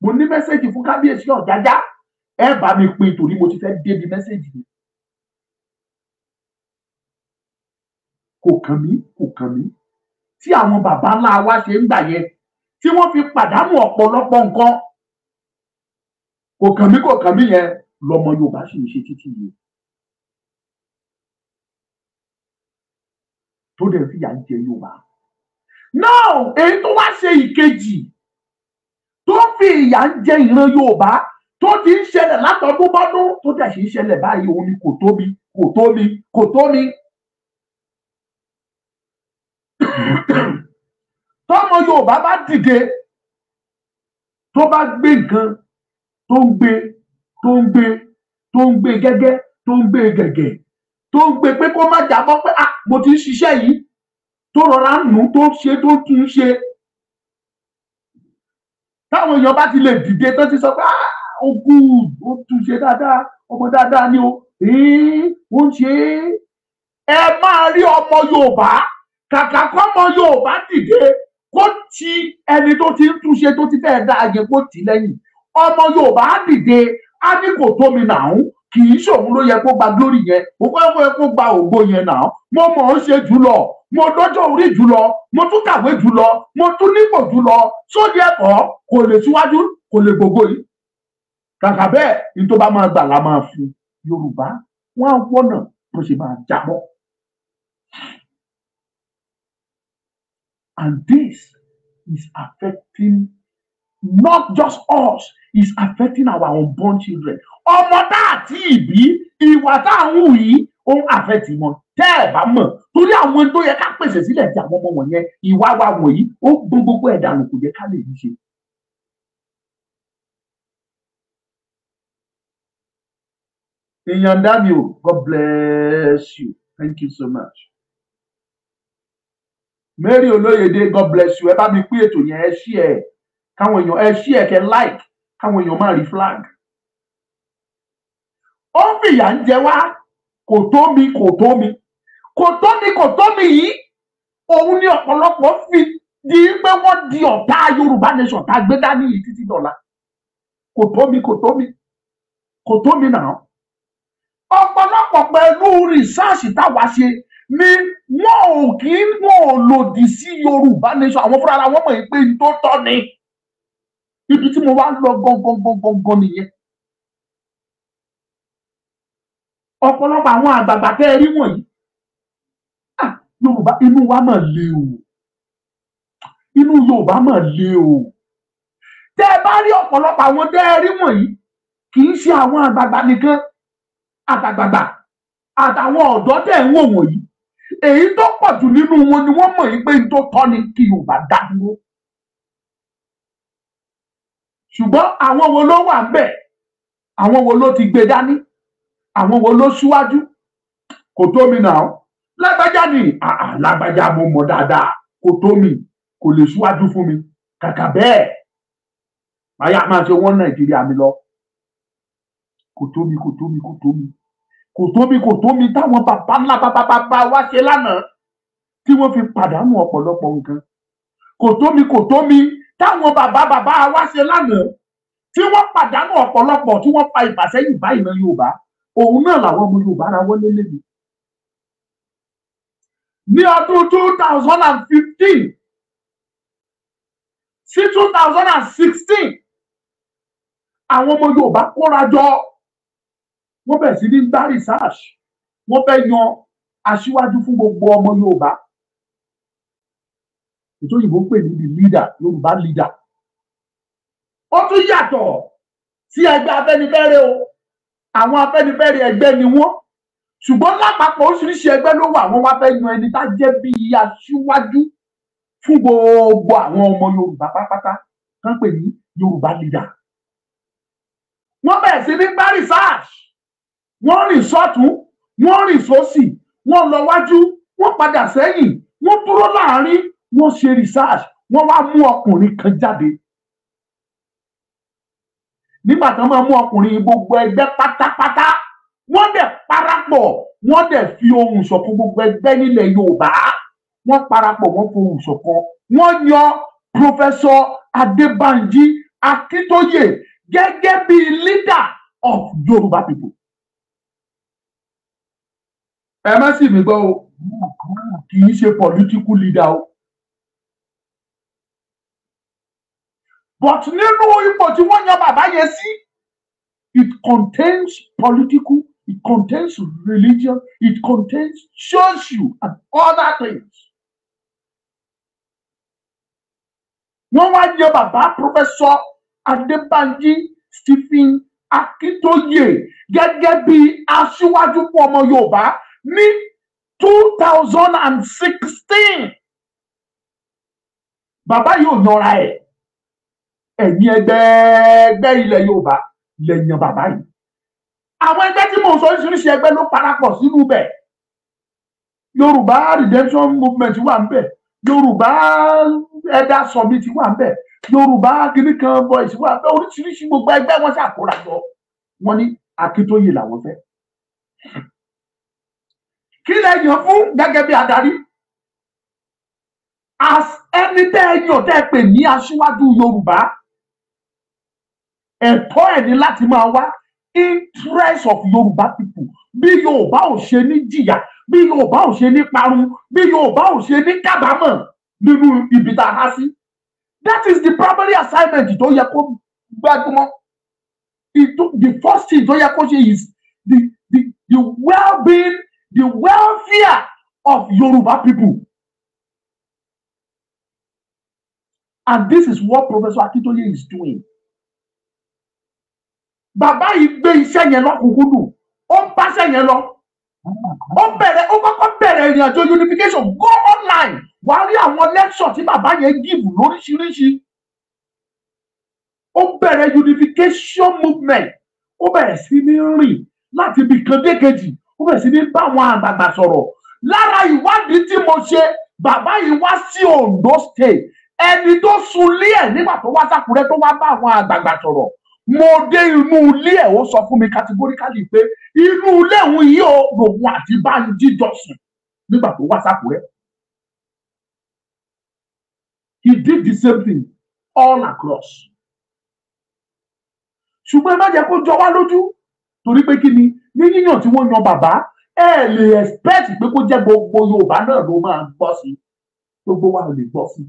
mo ní mẹ́sẹ̀gì fún kábíyèsí ọ̀jájá ẹ bá mi pin torí mo ti fẹ́ débi mẹ́sẹ̀gì mi. kò kàn mí kò kàn mí tí àwọn bàbá ńlá wa ṣe ń gbà yẹn tí wọ́n fi pàdánù ọ̀pọ̀lọpọ̀ nǹkan kò kàn mí kò kàn mí yẹn lọmọ Yorùbá sì ń ṣe títí yìí. tó dẹ̀ fìyà ń jẹ Yorùbá. now èyí tó wá ṣe ìkejì tó fi ìyà ń jẹ ìran yorùbá tó ti ń ṣẹlẹ̀ látọdún bọ́dún tó dẹ̀ sì ń ṣẹlẹ̀ báyìí òun ni kò tóbi kò tóbi kò tóbi. tọ́mọ yorùbá bá dìde tó bá gbé nǹkan tó ń gbé tó ń gbé tó ń gbé gẹ́gẹ́ tó ń gbé gẹ̀gẹ̀ tó ń gbé pé kó má jábọ́ pé ah mo ti ń ṣiṣẹ́ yìí tó rọra nù tó ṣe tó tún ṣe táwọn èèyàn bá ti lè dìde tó ti sọ pé ah, ó gùn ó tún ṣe dáadáa ọmọ dáadáa ni o ó ń ṣe é ẹ máa rí ọmọ Yorùbá kàkà kọ́mọ Yorùbá dìde kó ti ẹni tó ti ń túnṣe tó ti fẹ́ẹ́ dá ayé kó tì lẹ́yìn ọmọ Yorùbá dìde á ní kò tómi nàún kì í ṣòun ló yẹ kó gba glory yẹn òun kọ́ yẹ kó gba ògo yẹn nàún mo mọ̀ ọ́n ṣe jùlọ mo lọ́jọ́ orí jùlọ mo tún kàwé jùlọ mo tún nípò jùlọ sóde ẹ̀kọ́ kò lè síwájú kò lè gbogbo yìí kàkà bẹ́ẹ̀ ní tó bá máa gbà la máa fún yorùbá wọn á wọnà bó ṣe máa jábọ́. And this is affecting not just us, it's affecting our unborn children. Ọmọ tá àti ìbí, ìwà tá à ń hù yìí, ó ń àfẹ́tì wọn tẹ́ ẹ̀ bá mọ̀ torí àwọn tó yẹ ká pèsè sílẹ̀ tí àwọn ọmọ wọ̀nyẹn ìwà wa wọ̀nyí ó gbọ́n gbogbo ẹ̀ dànù kò jẹ́ ká lè rí ṣe. ìyànda mi o God bless you thank you so much. Mary Olóyèdè God bless you ẹ bá mi pín ètò yẹn ẹ ṣí ẹ káwọn èèyàn ẹ ṣí ẹ kẹ like káwọn èèyàn máa rí flag. ó ń fìyà ń jẹ wá kò tó mi kò tó mi kò tó mi kò tó mi yìí òun ni ọ̀pọ̀lọpọ̀ fi di pé wọ́n di ọ̀tá Yorùbá nation tá a gbé dání yìí títí dọ̀la kò tó mi kò tó mi kò tó mi náà ọ̀pọ̀lọpọ̀ pẹ̀lú rìsáàsì táwa ṣe ni wọn ò kí wọn ò lòdì sí Yorùbá nation àwọn fúnra wọn mọ̀ pé n tó tọ́ ni ibi tí mo wá lọ gangan nìyẹn ọ̀pọ̀lọpọ̀ àwọn àgbààgbà tẹ́ ẹ rí wọ̀nyí ah, yorùbá inú wa mà le o inú yorùbá mà le o tẹ́ ẹ bá rí ọ̀pọ̀lọpọ̀ àwọn tẹ́ ẹ rí wọ̀nyí kì í ṣe àwọn àgbààgbà nìkan àtàgbàgbà àtàwọn ọ̀dọ́ tẹ́ ẹ ń wò wọ̀nyí èyí tó pọ̀ jù nínú wọn ni wọ́n mọ̀ yí pé n tó tọ́ ni kí yorùbá dá dúró ṣùgbọ́n àwọn wo ló wà ń bẹ̀ àwọn wo ló ti gbé dání àwọn wo ló síwájú kò tó mi náà lágbájá ni lágbájá mo mọ̀ dáadáa kò tó mi kò lè síwájú fún mi kàkà bẹ́ẹ̀ máyà máa ṣe wọ́n nàìjíríà mi lọ kò tó mi kò tó mi kò tó mi kò tó mi kò tó mi táwọn bàbá ńlá bàbá bàbá wa ṣe lánàá tí wọ́n fi pàdánù ọ̀pọ̀lọpọ̀ nǹkan kò tó mi kò tó mi táwọn bàbá bàbá wa ṣe lánàá tí wọ́n pàdánù ọ̀pọ̀lọpọ̀ tí wọ́n fa ìfàsẹ́yìn bá ìran yorùbá òun náà làwọn ọmọ Yorùbá ara wọlé lébi ní ọdún two thousand and fifteen sí two thousand and sixteen àwọn ọmọ Yorùbá kóra jọ wọ́n bẹ̀rẹ̀ sí ní gbá research wọ́n fẹ́ yan aṣíwájú fún gbogbo ọmọ Yorùbá ètò òyìnbó ń pè ní the leader Yorùbá leader ó tún yàtọ̀ sí ẹgbẹ́ Afẹ́nifẹ́re o àwọn Afẹ́nifẹ́re ẹgbẹ́ ni wọ́n ṣùgbọ́n lápapọ̀ oríṣiríṣi ẹgbẹ́ ló wà wọ́n wá fẹ́ yan ẹni tá jẹ́ bíi aṣíwájú fún gbogbo àwọn ọmọ Yorùbá pátápátá kán pè ní Yorùbá leader wọ́n bẹ̀rẹ̀ sí ní gbá research wọ́n rìn sọ́tún wọ́n rìn sósì wọ́n lọ wájú wọ́n padà sẹ́yìn wọ́n dúró láàárín wọ́n ṣe research wọ́n wá mú ọkùnrin kan jáde nígbà tí wọ́n máa mú ọkùnrin gbogbo ẹgbẹ́ pátápátá wọ́n dẹ̀ parapọ̀ wọ́n dẹ̀ fi ohùn ṣọ̀kan gbogbo ẹgbẹ́ nílẹ̀ Yorùbá wọ́n parapọ̀ wọ́n fi ohùn ṣọ̀kan wọ́n yan Professor Adébánjí Akíntóyè gẹ́gẹ́ bí leader of Yorùbá people ẹ má sì mí gbọ́ o kì í ṣe political leader o but nínú ipò tí wọ́n yan bàbá yẹn sí it contains political it contains religion it contains social and other things. wọ́n wá yan bàbá professor Adébánjí Stephen Akíntóyè gẹ́gẹ́ bí aṣíwájú fún ọmọ Yorùbá ní two thousand and sixteen bàbá yóò yanra ẹ̀ ẹ̀yin ẹgbẹ́ ilẹ̀ Yorùbá lẹ́yìn bàbá yìí àwọn ẹgbẹ́ tí mò ń sọ oríṣiríṣi ẹgbẹ́ ló parapọ̀ sínú bẹ̀ Yorùbá redemption movement wà ń bẹ̀ Yorùbá ẹ̀dá summit wà ń bẹ̀ Yorùbá kìnnì voice wà ń bẹ̀ oríṣiríṣi gbogbo ẹgbẹ́ wọn ṣàkórajọ wọn ní Akíntóyè làwọn fẹ́ kí lẹ yàn fún gẹ́gẹ́ bí adarí as ẹni tẹ́ ẹ yàn tẹ́ ẹ pè ní aṣíwájú Yorùbá ẹ̀tọ́ ẹ̀ ní láti máa wá interest of Yorùbá people bí Yorùbá ò ṣe ní jìyà bí Yorùbá ò ṣe ní parun bí Yorùbá ò ṣe ní kábàámọ̀ nínú ibi tá sí that is the primary assignment tó yẹ kó gbajúmọ̀ the first thing tó yẹ kó ṣe is the the the well-being the welfare of Yoruba people. And this is what Professor Akintoye is doing bàbá yìí gbé iṣẹ́ yẹn lọ́kùnkúndùn ó ń báṣẹ́ yẹn lọ ó bẹ̀rẹ̀ ó kọ́kọ́ bẹ̀rẹ̀ ìrìnàjò unification go online wà á rí àwọn lecture tí bàbá yẹn give lóríṣiríṣi ó bẹ̀rẹ̀ unification movement ó bẹ̀rẹ̀ sí ní rìn láti ibi kan dé kejì ó bẹ̀rẹ̀ sí ní bá àwọn àgbààgbà sọ̀rọ̀ lára ìwádìí tí mo ṣe bàbá yìí wá sí Ondo state ẹni tó sunlé ẹ̀ nígbà tó wá sákúrẹ́ tó wá bá àwọn àgbààgbà sọ̀rọ̀ mo dé inú ilé ẹ̀ ó sọ fún mi categorically pé inú ilé òun yìí ó lòun àti Bánjí jọ sùn nígbà tó wá sákùrẹ́ he did the same thing all across ṣùgbọ́n ẹ má jẹ́ kó jọ wá lójú torí pé kí ni ní yíyàn tí wọ́n yan bàbá ẹ lè expect pé kó jẹ́ gbogbo Yorùbá náà ló máa gbọ́ sí gbogbo wa ò lè gbọ́ sí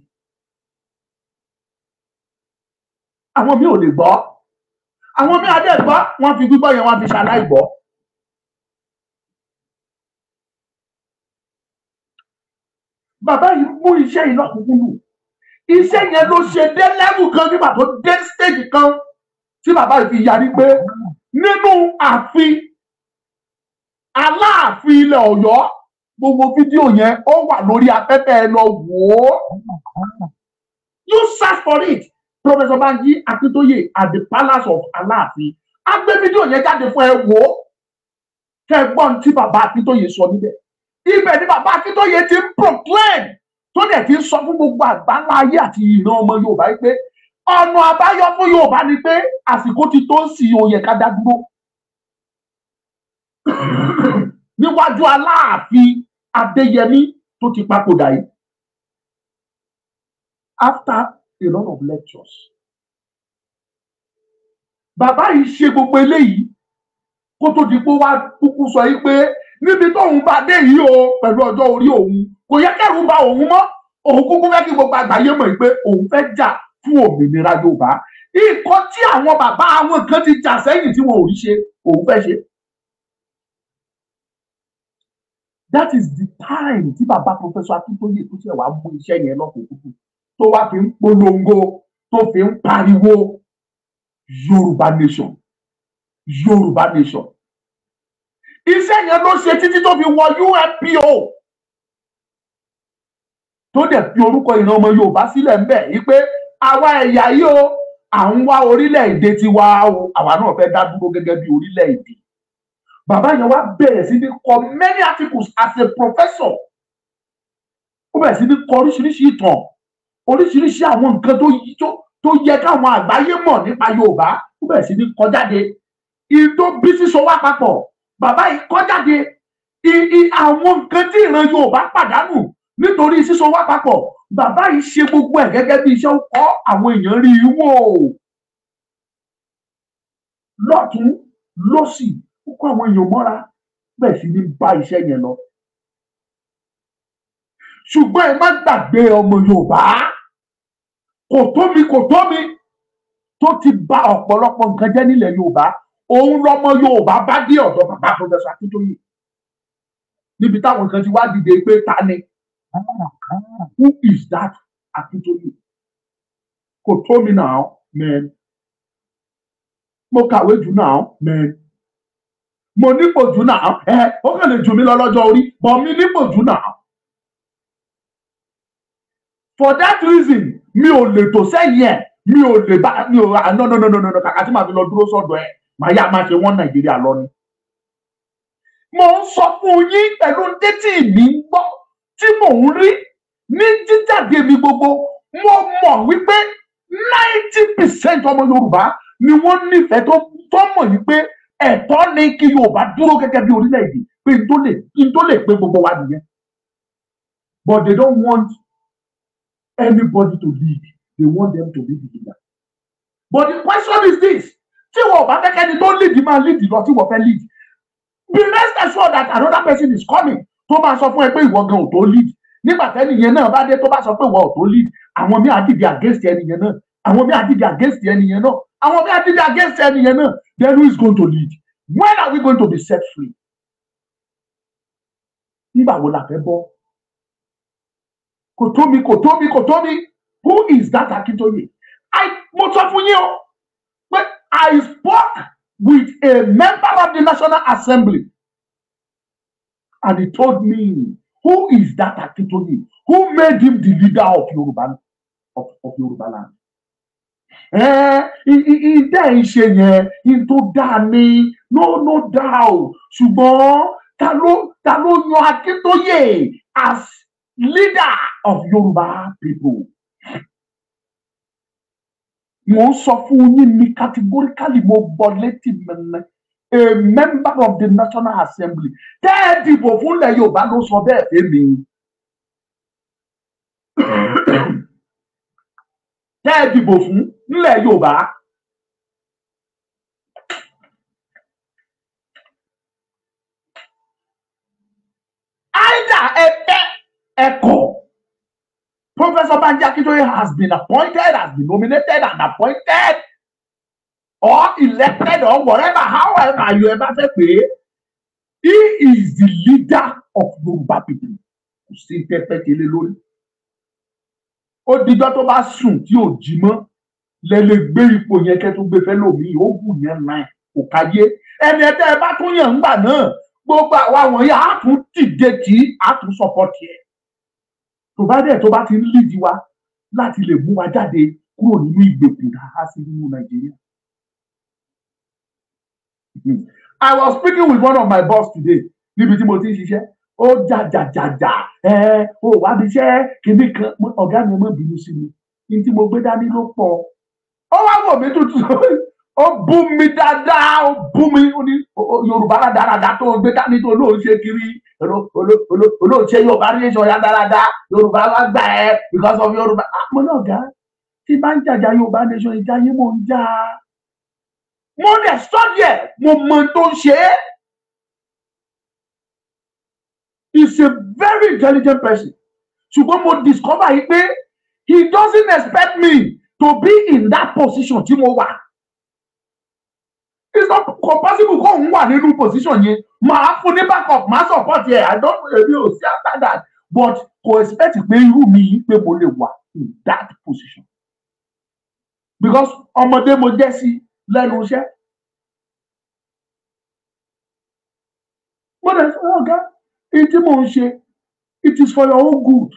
àwọn mi ò lè gbọ́ àwọn mí adé gbọ́ wọ́n fi gbígbọ́ yẹn wọ́n fi ṣaláìgbọ́. bàbá yìí mú iṣẹ́ yìí lọ́kùnkúndùn iṣẹ́ yẹn ló ṣe dé level kan nígbà tó dé stage kan tí bàbá yìí fi yarí pé nínú ààfin aláàfin ilẹ̀ ọ̀yọ́ gbogbo fídíò yẹn ó wà lórí afẹ́fẹ́ ẹ lọ wò ó you search for it Professor Banji Akintoye at the palace of Aláàfin a gbé fídíò yẹn jáde fún ẹ wò ó kẹgbọ́n tí bàbá Akintoye sọ níbẹ̀ ibẹ̀ ni bàbá Akintoye ti ń proclaim tó dẹ̀ ti ń sọ fún gbogbo àgbáńlá ayé àti ìran ọmọ Yorùbá yìí pé ọ̀nà àbáyọ fún Yorùbá ni pé àsìkò ti tó ń sì òye ká dá dúró níwájú Aláàfin Adéyẹmí tó ti papòdà yìí after a lot of lectures. bàbá yìí ṣe gbogbo eléyìí kó tó di pé wá kúkú sọ yìí pé níbi tóun bá dé yìí o pẹ̀lú ọjọ́ orí òun kò yẹ kẹ́rù bà òun mọ́ òun kúkú fẹ́ kí gbogbo àgbáyé mọ̀ pé òun fẹ́ jà fún òmìnira Yorùbá ikọ̀ tí àwọn bàbá àwọn kan ti jà sẹ́yìn tí wọn ò rí ṣe òun fẹ́ ṣe. that is the time tí bàbá professor Akíntóyè tó ṣe wàá mú iṣẹ́ yẹn lọ́kùnkúndùn tó wá fi ń polongo tó fi ń pariwo yorùbá nation yorùbá nation iṣẹ́ yẹn ló ṣe títí tó fi wọ UNPO tó dẹ̀ fi orúkọ ìran ọmọ yorùbá sílẹ̀ ńbẹ̀ yìí pé àwa ẹ̀yà yìí o à ń wá orílẹ̀-èdè tiwa o àwa náà fẹ́ dá dúró gẹ́gẹ́ bí orílẹ̀-èdè bàbá yẹn wá bẹ̀rẹ̀ sí ní kọ many articles as a professor ó bẹ̀rẹ̀ sí ní kọ oríṣiríṣi ìtàn oríṣiríṣi àwọn nǹkan tó yẹ káwọn àgbáyé mọ̀ nípa yorùbá ó bẹ̀rẹ̀ sí ní kọjáde ìdó bí sísọ wá papọ̀ bàbá yìí kọjáde àwọn nǹkan tí ìran yorùbá pàdánù nítorí sísọ wá papọ̀ bàbá yìí ṣe gbogbo ẹ̀ gẹ́gẹ́ bí iṣẹ́ ó àwọn èèyàn rí i wò lọ́tún lọ́sì ó kọ́ àwọn èèyàn mọ́ra bẹ́ẹ̀ sì ní bá iṣẹ́ yẹn lọ ṣùgbọ́n ẹ má gbàgbé ọmọ yorùbá kò tó mi kò tó mi tó ti bà ọ̀pọ̀lọpọ̀ nǹkan jẹ́ nílẹ̀ yorùbá òun lọmọ yorùbá bá dé ọ̀dọ̀ bàbá pọfẹsọ akíntóyè níbi táwọn kan ti wá dìde pé ta ni who is that akíntóyè kò tó mi náà mẹ́rin mo kàwé jù náà mẹ́rin mo nípò jù náà ẹ ó kàn lè jù mí lọ lọ́jọ́ orí bọ̀ mi nípò jù náà for that reason mi ò lè tò sẹ́yìn ẹ̀ mi ò lè bá mi ah no no no no no kàkà tí ma fi lọ duro sọ́dọ̀ ẹ̀ màá yá máa ṣe wọ́n nàìjíríà lọ ni. mo ń sọ fún yín pẹ̀lú détí mi ń gbọ́ tí mò ń rí ní jíjáde mi gbogbo mo mọ̀ wípé ninety percent ọmọ yorùbá ni wọ́n nífẹ̀ẹ́ tó tó mọ̀ wípé ẹ̀tọ́ ni kí yorùbá dúró gẹ́gẹ́ bí orílẹ̀-èdè pé n tó lè pé gbogbo wa nìyẹn but they don't want anybody to lead they want them to be the leader but the question is this See, what ò bá fẹ́ kẹ́ni tó lead máa lead lọ tí wọ́n fẹ́ lead be rest assured that another person is coming tó máa sọ fún ẹ pé ìwọ gan ò tó lead nígbà tẹ́ni yẹn náà bá dé tó to lead. pé ìwọ me tó lead àwọn míì á dìde against ẹni yẹn náà àwọn míì á dìde against ẹni yẹn náà àwọn míì á dìde against the enemy, you know. then who is going to lead when are we going to be set free nígbà wo have a ball kò tóbi kò tóbi kò tóbi who is that Akintoye i mo sọ fún yín o pé i spoke with a member of the National Assembly and he told me who is that Akintoye who made him the leader of Yoruba of, of Yoruba land ìdá eh, ìṣe yẹn in tó dáa ni no no doubt ṣùgbọ́n ta ló ta ló yan Akintoye as leader of Yoruba people mo ń sọ fún yín ní categorically mo gbọ́ létí mẹ́mẹ́ a member of the National Assembly tẹ́ ẹ dìbò fúnlẹ̀ Yorùbá ló sọ bẹ́ẹ̀ fẹ́mi tẹ́ ẹ dìbò fún nílẹ̀ Yorùbá. Echo. Professor Banji has been appointed, has been nominated and appointed or elected or whatever, however you ever say pé. He is the leader of Yoruba people. Kò sí tẹ́tẹ́ lórí. Ó dijọ́ tó bá sùn tí ò jí mọ́ lẹ́lẹ́ gbé ipò yẹn kẹ́ gbé fẹ́ lómi ó wù yẹn náà kò káyé. Ẹni ẹ̀tẹ́ ẹ bá tún yàn ńgbà náà gbogbo àwa wọ̀nyí á tún dìde tí á tún sọpọ́tì ẹ̀ provided tó bá ti ń lead wa láti lè mú wa jáde kúrò nínú ìgbèkùn dáhà sí nínú nàìjíríà. Hmm. I was speaking with one of my boss today níbi tí mo ti ń ṣiṣẹ́ ó jàjàjàjà ẹ ó wá bí iṣẹ́ kìíní kan ọ̀gá mi mọ̀ bínú sí mi ní tí mo gbé dání ló pọ̀ ó wá wọ̀ mí tuntun ó bú mi dáadáa ó bú mi ó ní yorùbá rádaràdá tó gbé dání tó olóò ṣe kiri olóò ṣe yorùbá nation ya dáadáa yorùbá wá gbà ẹ because of yorùbá àmọ́ ah, náà gá tí bá ń jàjà yorùbá nation ìjà yín mò ń jà á mo dẹ̀ sọ́díẹ̀ mo mọ tó ń ṣe é is a very intelligent person ṣùgbọ́n mo discover yìí pé he doesn't expect me to be in that position tí mo wà it's not possible kó òun wà nínú position yẹn màá fún ní backup màá support ẹ i don't èmi ò sí after that but kò expect pé irú mi yìí pé mo lè wà in that position because ọmọdé mo jẹ́ sí lẹ́nu iṣẹ́ mo dẹ̀ sọ ọ̀gá oh, èyí tí mò ń ṣe it is for your own good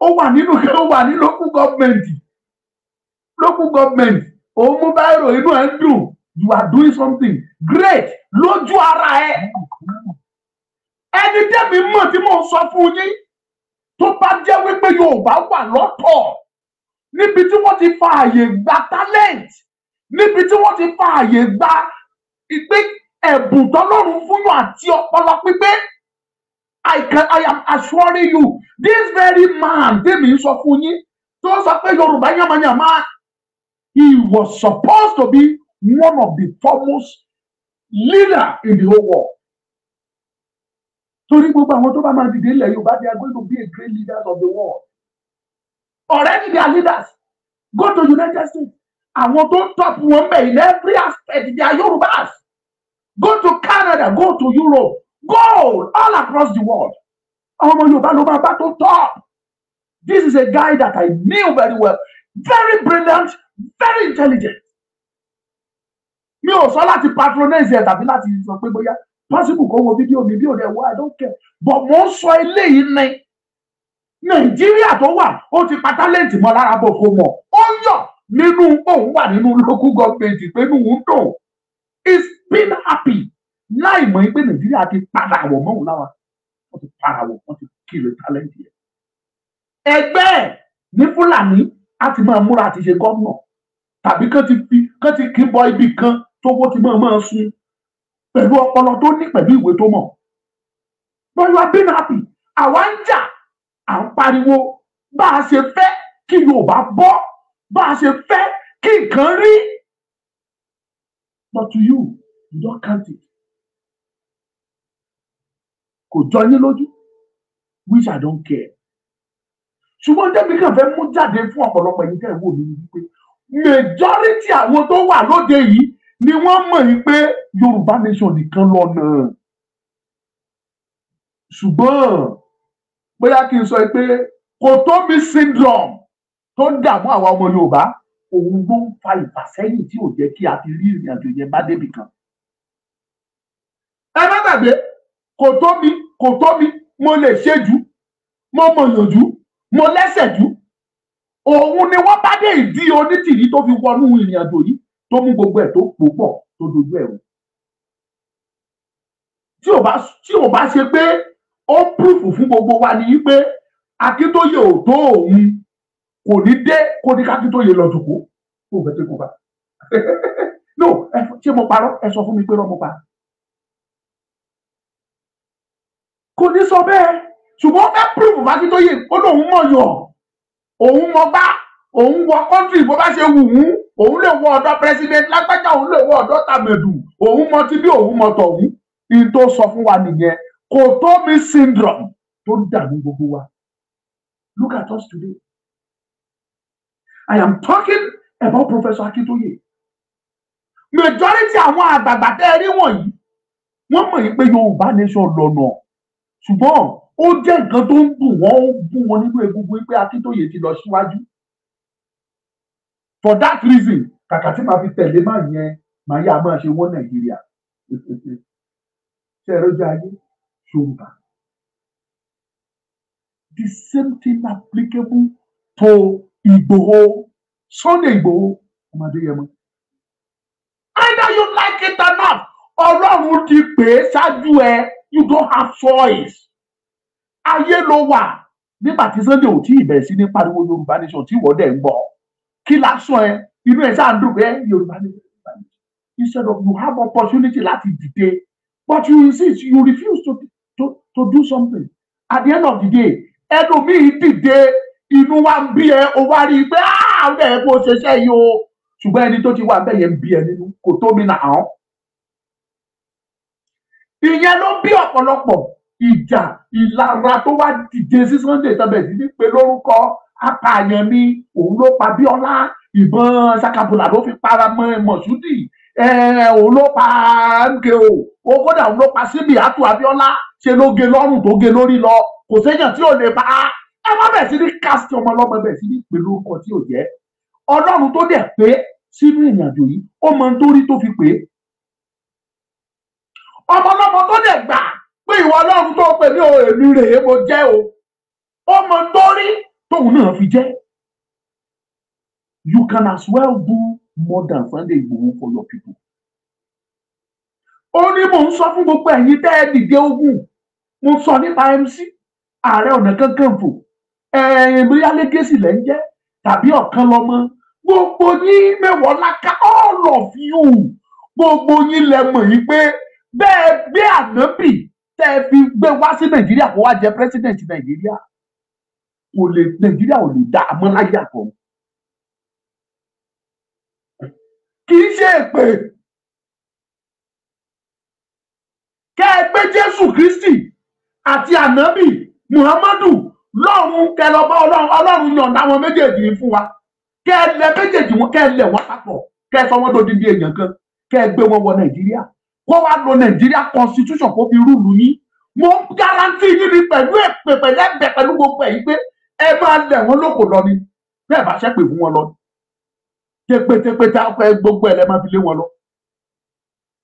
ó wà nínú ó wà ní local government local government òun mú báyìí rò inú ẹ̀ ń dùn you are doing something great lójú ara ẹ ẹni tẹ́mi mọ̀ tí mò ń sọ fún yín tó bá jẹ́ wípé Yorùbá wà lọ́tọ̀ níbi tí wọ́n ti fa àyè gba talent níbi tí wọ́n ti fa àyè gba pé ẹ̀bùn tọ́lọ́run fún yàn àti ọpọlọ pípé I can I am assuring you this very man tèmi ń sọ fún yín tó sọ pé Yorùbá yànmọ̀yànmọ́ he was supposed to be one of the foremost leader in the whole world. torí gbogbo àwọn tó bá máa dìde ilẹ̀ Yorùbá they are going to be a great leaders of the world. already they are leaders go to United States àwọn tó ń top wọn bẹ̀ in every aspect they are Yorùbás go to Canada go to Europe go all across the world àwọn ọmọ Yorùbá ló máa bá tó top this is a guy that I knew very well very brilliant very intelligent mi ò sọ láti patronize ẹ tàbí láti sọ pé bóyá possible kó wo fídíò mi bí ò dẹ̀ wọ i don't care but mo ń sọ eléyìí ní nàìjíríà tó wà ó ti pa tálẹ́ǹtì mọ́ lára bò kó mọ̀ ó ń yọ̀ nínú òun wà nínú local government pé inú òun dùn is being happy láì mọ̀ pé nàìjíríà ti padà wọ̀ mọ́ òun lára wọ́n ti para wọ̀ wọ́n ti kiri tálẹ́ǹtì ẹ̀ ẹgbẹ́ ẹ̀ ní fúlàní a ti máa múra àti ṣe gómìnà tàbí kán ti fi kán ti kí bọ ibì kan tówó ti máa máa sun pẹ̀lú ọpọlọ tó ní pẹ̀lú ìwé tó mọ̀. but you have been happy àwa ń jà à ń pariwo bá a ṣe fẹ́ kí Yorùbá bọ́ bá a ṣe fẹ́ kí nǹkan rí but to you you don't count it kò jọ yín lójú which I don't care ṣùgbọ́n débi kan fẹ́ mú jáde fún ọ̀pọ̀lọpọ̀ yìí tẹ̀ wò mí wípé majority àwọn tó wà lóde yìí ni wọ́n mọ̀ yìí pé Yorùbá nation nìkan lọ́nà ṣùgbọ́n bóyá kí n sọ pé kò tó mi syndrome tó ń dààmú àwa ọmọ Yorùbá òun ló ń fa ìfàsẹ́yìn tí ò jẹ́ kí a fi rí ìrìn àjò yẹn bá débi kan. ẹ má gbàgbé kò tó mi kò tó mi mo lè ṣe jù mo mọ̀yàn jù mo lẹ́sẹ̀ jù òun ni wọ́n bá dé ìdí onítìrí tó fi wọnú ìrìn àjò yìí tó mú gbogbo ẹ̀ tó pò pọ̀ tó dojú ẹ̀rù tí ò bá tí ò bá ṣe pé ó ń fún gbogbo wa ni pé akíntóye ò tó òun kò ní dé kó ní kákíntóye lọ jòkó kó o fẹ́ tó bá no ṣé mo parọ́ ẹ sọ fún mi pé rọ́ mo pa kò ní sọ bẹ́ẹ̀ ṣùgbọ́n ẹ púrùfù fún akíntóye ó lóun mọ̀ yọ̀ òun mọ bá òun wọ kọ́ńtì bó bá ṣe wù ú òun lè wọ ọ̀dọ̀ president lágbájá òun lè wọ ọ̀dọ̀ tàmẹ̀dù òun mọ ti bí òun mọ tọ̀hún ní tó sọ fún wa nìyẹn kò tó mi syndrome tó ń dààmú gbogbo wa look at us today I am talking about Professor Akintoye majority àwọn àgbàgbà tẹ́ ẹ rí wọ̀nyí wọ́n mọ̀ yín pé Yorùbá nation lọ́nà ṣùgbọ́n ó jẹ́ nǹkan tó ń bù wọ́n ó bù wọn nínú egungun pé Akíntóyè ti lọ síwájú for that reason kàkà tí màá fi tẹ̀lé má yẹn màá yá máa ṣe wọ́n Nàìjíríà ṣe ẹ̀rọ́jà ayé Yorùbá the same thing applicable to Ìgbòho Sunday Ìgbòho ọmọdé yẹn mọ́ either you like it or not Ọlọ́run ti pè é ṣáájú ẹ you don't have choice ayé ló wà nígbà tí Sunday ò tí ì bẹ̀rẹ̀ sí ní pariwo Yorùbá nation tí wọ́n dẹ̀ ń bọ̀ kí lásán ẹ inú ẹ sáà ń dùn pé Yorùbá nation instead of oh, you have opportunity láti dìde but you insist you refuse to, to, to do something at the end of the day ẹlòmíì dìde inú wa ń bí ẹ o wá rí i pé àwọn ah, ẹ̀ kò ṣeṣẹ́ yìí o ṣùgbọ́n ẹni tó ti wà bẹ́ẹ̀ yẹn ń bí ẹ nínú kò tó mi nà án ìyẹn ló ń bí ọ̀pọ̀lọpọ̀ ìjà ìlara tó wá dìde sí Sunday tọ́bẹ̀ sí ní pé lórúkọ apààyàn mi òun ló pa Bíọ́lá ìbọn sakabula ló fi para mọ́ Mọ̀súdì òun ló pa MKO ó kódà òun ló pa síbi àtú Abíọ́lá ṣe ló ge lọ́rùn tó ge lórí lọ kò séèyàn tí ò lè bá ẹ má bẹ̀ sí ní cast ọmọ ọlọ́mọ bẹ̀ sí ní pé lórúkọ tí ò jẹ́ Ọlọ́run tó dẹ̀ pé sínú ìrìnàjò yìí ó mọ nítorí tó fi pé ọmọ ọlọ́mọ tó dẹ̀ gbà ìwọ ọlọ́run tó pè ní èmi rèé mo jẹ́ o ó mọ torí tóun náà fi jẹ́ you can as well do more than Sunday Igboho for your people. ó ní mò ń sọ fún gbogbo ẹ̀yin tẹ́ ẹ dìde ogun mo sọ nípa MC Ààrẹ Ọ̀nà Kakanfò ẹ̀ẹ́n bóyá lẹ́gẹ́sì lẹ́ ń jẹ́ tàbí ọ̀kan lọ́mọ gbogbo yín mẹ́wọ̀ọ́ láká all of you gbogbo yín lẹ mọ̀ yín pé bẹ́ẹ̀ gbé ànábì tẹ́ ẹ fi gbé wá sí nàìjíríà kó wá jẹ pírẹsidẹ̀ntì nàìjíríà kò lè nàìjíríà ò lè dá àmọ́ láyé àtọ̀ kì í ṣe èpè kẹ́ ẹ gbé jésù kristi àti ànábì muhammadu lọ́run kẹ́ lọ bá ọlọ́run ọlọ́run yọ̀ǹda àwọn méjèèjì fún wa kẹ́ ẹ lẹ̀ méjèèjì wọn kẹ́ ẹ lẹ̀ wọ́n papọ̀ kẹ́ ẹ sọ wọ́n dòdìdí èèyàn kan kẹ́ ẹ gbé wọn wọ nàìjíríà wọ́n wá lo nàìjíríà constitution kó fi rúùlù yín mo ń garanti yín ni pẹ̀lú èpè pẹ̀lẹ́bẹ̀ pẹ̀lú gbogbo ẹ̀yìn pé ẹ máa lẹ̀ wọ́n lóko lọ ni bẹ́ẹ̀ bá ṣẹ́pè fún wọn lọ tẹpẹtẹpẹta gbogbo ẹ̀ lẹ́ máa fi lé wọn lọ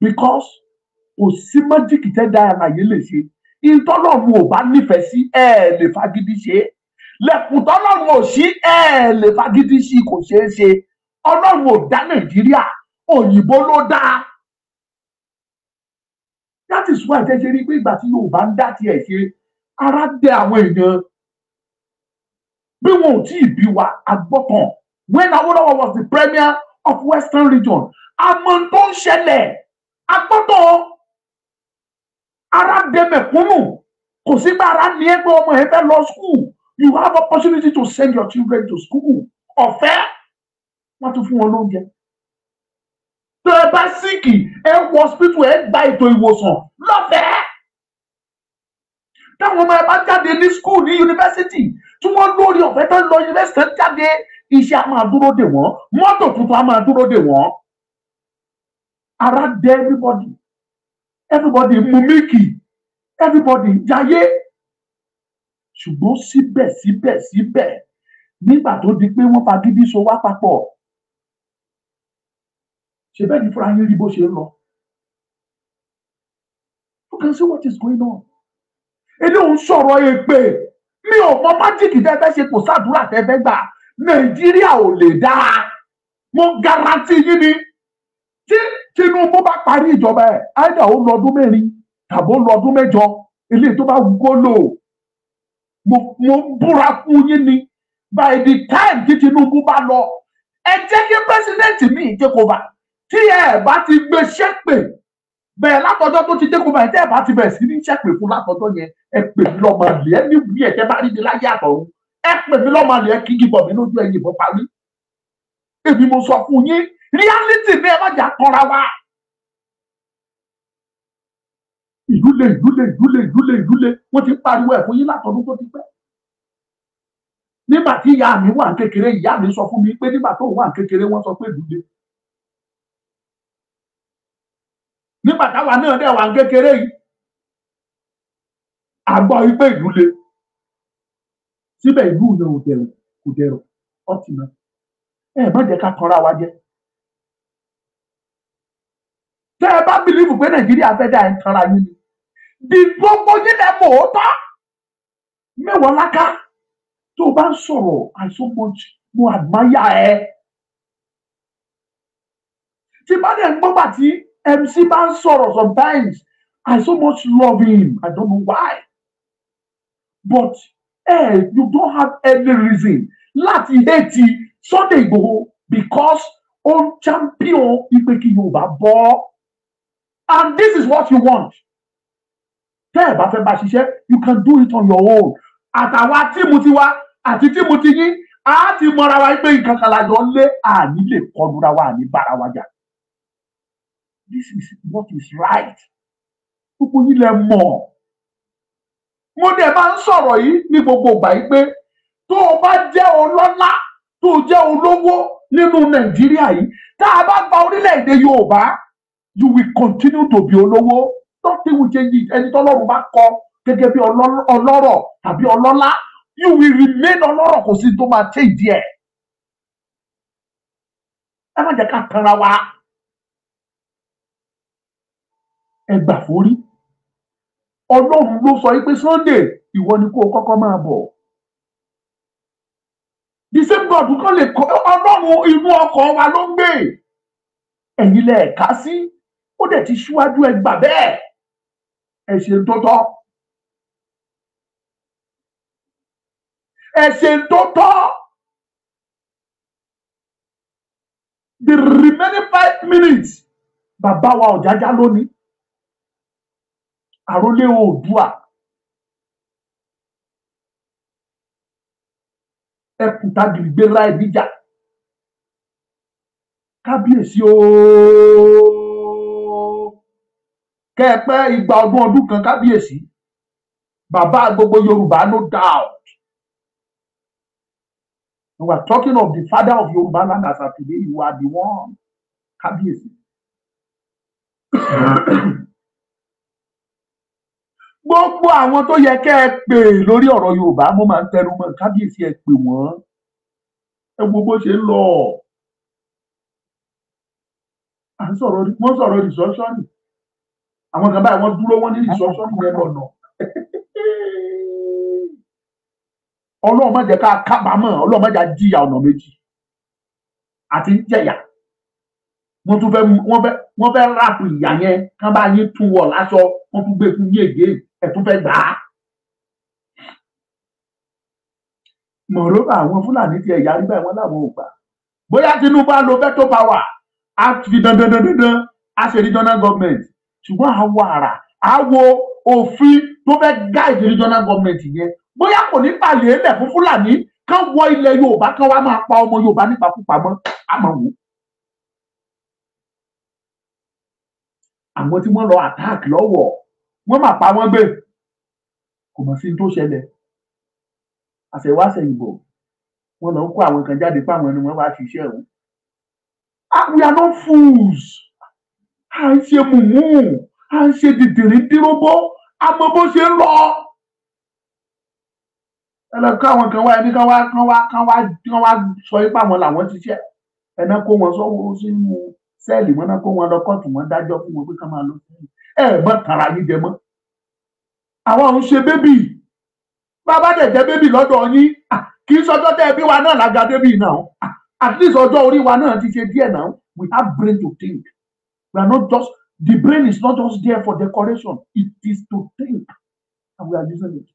because kò sí mọ́jíkì tẹ́ da àlàyé lè ṣe ìtọ́lọ́run ò bá nífẹ̀ẹ́ sí ẹ lè fagídí ṣe é lẹ́kùn tọ́lọ́run ò sí ẹ lè fagídí ṣe kò ṣeé ṣe ọlọ́run ò dá nàìjíríà òyìnbó ló dáa that is why ṣe rí i pé ìgbà tí Yorùbá ń dá tiẹ̀ ṣe ara dẹ àwọn èèyàn bí wọn ò tí ì bí wa agbọ́tàn when Awolowo was the premier of Western Region àmọ́ tó ń ṣẹlẹ̀ agbọ́tàn ara dẹ mẹ̀kúnnù kò sí pé ara ní ẹgbẹ́ ọmọ ẹ fẹ́ lọ school you have opportunity to send your children to school ọ̀fẹ́ wọ́n tún fún wọn lóúnjẹ ẹ bá síkì ẹ wọ hospital ẹ gba ètò ìwòsàn lọ́fẹ̀ẹ́ táwọn ọmọ ẹ bá jáde ní school ní university. tí wọ́n lórí ọ̀fẹ́ tó ń lọ yunifásitì jáde iṣẹ́ a máa dúró dè wọ́n mọ́tò tuntun a máa dúró dè wọ́n ara dẹ everybody everybody mu mílìkì everybody jayé ṣùgbọ́n síbẹ̀síbẹ̀síbẹ̀ nígbà tó di pé wọ́n fagídí so wá papọ̀ ṣe bẹ́ẹ̀ ni fúnra yín rí bó ṣe ń lọ. You can see what is going on. eléhùn sọ̀rọ̀ èpè mi ò mọ májíkì tẹ́fẹ́ ṣe kò sádùúrà tẹ́fẹ́ gbà Nàìjíríà ò lè dáa mo garanti yín ni tí Tinubu bá parí ìjọba ẹ̀ áìdá ó lọ ọdún mẹ́rin tàbó lọ ọdún mẹ́jọ ilé tó bá wù kó lò mo búra fún yín ni by the time tí Tinubu bá lọ ẹ jẹ́ kí pẹ́sidẹ́ǹtì mi take over tí ẹ bá ti gbé ṣépè bẹ́ẹ̀ látọjọ́ tó ti dẹ́kun báyìí tẹ́ ẹ bá ti bẹ̀rẹ̀ sí ní ṣépè fún látọjọ́ yẹn ẹ pè mí lọ́mọ àlè ẹ ní ìwúrí ẹ tẹ́ bá rí mi láyé àtọ̀run ẹ pè mí lọ́mọ àlè ẹ kí gíbọn mi lójú ẹ̀yìn ìbọn parí èmi mo sọ fún yín reality ni ẹ má jà kanra wa ìdúlé ìdúlé ìdúlé ìdúlé ìdúlé wọ́n ti pariwo ẹ̀ fún yín látọdún tó ti pẹ́ nígbà tí ìyá mi wà kékeré ìyá mi sọ fún mi pé nígbà tó wà kékeré wọ́n sọ pé ìdúlé nígbà táwa náà dẹ̀ wà kékeré yìí àgbọ̀ wípé ìlú le síbẹ̀ ìlú yẹn ò dẹ̀rọ̀ kò dẹ̀rọ̀ ọtí náà ẹ má jẹ́ ká tanra wa jẹ tẹ́ ẹ bá bìlífù pé nàìjíríà fẹ́ dá ẹ ń tanra yín ni dìbò gbojú lẹ mọ̀ ó tán mẹ́wàá láká tó o bá ń sọ̀rọ̀ àìsàn mo àdmáyà ẹ tí bá dẹ̀ ń gbọ́ bàtí. MC bá ń sometimes I so much love him I don't know why but eh, you don't have any reason láti hate Sunday go because ó ń champion ipe kí Yorùbá bọ́ and this is what you want tẹ́ ẹ̀ bá fẹ́ bá you can do it on your own àtàwa tíìmù tiwa àti tíìmù tiyín a ti mọra wa pé nǹkan kan la wa àní bára wa this is what is right gbogbo yín lẹ mọ̀ mo dẹ̀ máa ń sọ̀rọ̀ yìí ní gbogbo ìgbà yìí pé tó o bá jẹ́ ọlọ́lá tó o jẹ́ olówó nínú nàìjíríà yìí tá a bá gba orílẹ̀-èdè yorùbá you will continue to be olówó nothing will change it ẹni tọ́lọ́run bá kọ gẹ́gẹ́ bí ọlọ́rọ̀ tàbí ọlọ́lá you will remain ọlọ́rọ̀ kò sí tó máa change ẹ̀ ẹ má jẹ́ ká tanra wa. ẹgbà forí ọlọ́run ló sọ pé Sunday ìwọ ni kó o kọ́kọ́ máa bọ̀ the same God kan lè kọ ọlọ́run inú ọkọ̀ wa ló ń gbé ẹ̀yin lẹ̀ ká sí ó dẹ̀ ti ṣíwájú ẹgbà bẹ́ẹ̀ ẹ ṣe tó tọ́ ẹ ṣe tó tọ́ the remaining five minutes bàbá wa ọ̀jájá lónìí àrólé oòdùà ẹkùn tágìrì gbéra ẹbí jà kábíyèsí ooo kẹpẹ igba ọdún ọdún kan kábíyèsí bàbá gbogbo yorùbá no doubt we are talking of the father of yorùbá land as of today you are the one kábíyèsí. gbogbo àwọn tó yẹ kẹ́ ẹ pè lórí ọ̀rọ̀ yorùbá mo máa ń tẹnu mọ́ kábíyèsí ẹ pè wọ́n ẹ wo bó ṣe ń lọ à ń sọ̀rọ̀ wọ́n sọ̀rọ̀ rìsọ́ṣọ́nì àwọn kan báyìí wọ́n dúró wọ́n ní rìsọ́ṣọ́nì yẹn lọ́nà ọlọ́run má jẹ́ ká kábàámọ̀ ọlọ́run má jẹ́ ká jìyà ọ̀nà méjì àti jẹ̀yà wọ́n tún fẹ́ wọ́n fẹ́ ráàpù ìyá yẹn kán bá yín tún wọ̀ láṣọ wọ́n tún gbé fún yín èdè ẹ̀ tún fẹ́ gbà á. mọ̀rọ́bà àwọn fúlàní ti ẹ̀yà nígbà wọn làwọn ò gbà bóyá tinubu á lo veto power á fi dandan dandan dandan á ṣe regional government ṣùgbọ́n àwọ̀ àrà àwọ̀ òfin tó fẹ́ guide regional government yẹn bóyá kò ní pàlẹ́ lẹ̀ fún fúlàní kán wọ ilẹ̀ yorùbá kán wá máa pa ọmọ yorùbá nípakúpa mọ́ àmọ́ wò ó. àwọn tí wọ́n lọ attack lọ́wọ́ wọ́n mà pa wọ́n gbé kò mọ̀ sí tó ṣẹlẹ̀ àṣẹwáṣẹyìnbọ̀ wọ́n lọ ń kó àwọn kan jáde páwọn ni wọ́n wá ṣiṣẹ́ òun ah, we are not fools à ń ṣe mùmú à ń ṣe dìdìrín díróbó àmọ́ bó ṣe ń lọ ẹlẹ́kọ́ àwọn kan wá ẹni kan wá kan wá kan wá sọ ipá wọn làwọn ti ṣe ẹ̀ná kó wọn sọ́wọ́ sínú sẹ́ẹ̀lì wọn náà kó wọn lọ kóòtù wọn dájọ́ fún wọn pé ká máa lọ sẹ́ẹ̀lì ẹ mọ́ tara yín jẹ mọ́ àwa ò ń ṣe bébì bàbá dẹ̀ jẹ́ bébì lọ́dọ̀ yín kì í sọjọ́ tẹ́ ẹbí wa náà lága bébì náà at least ọjọ́ orí wa náà ti ṣe díẹ̀ náà we have brain to think we are not just the brain is not just there for decoration it is to think and we are using it.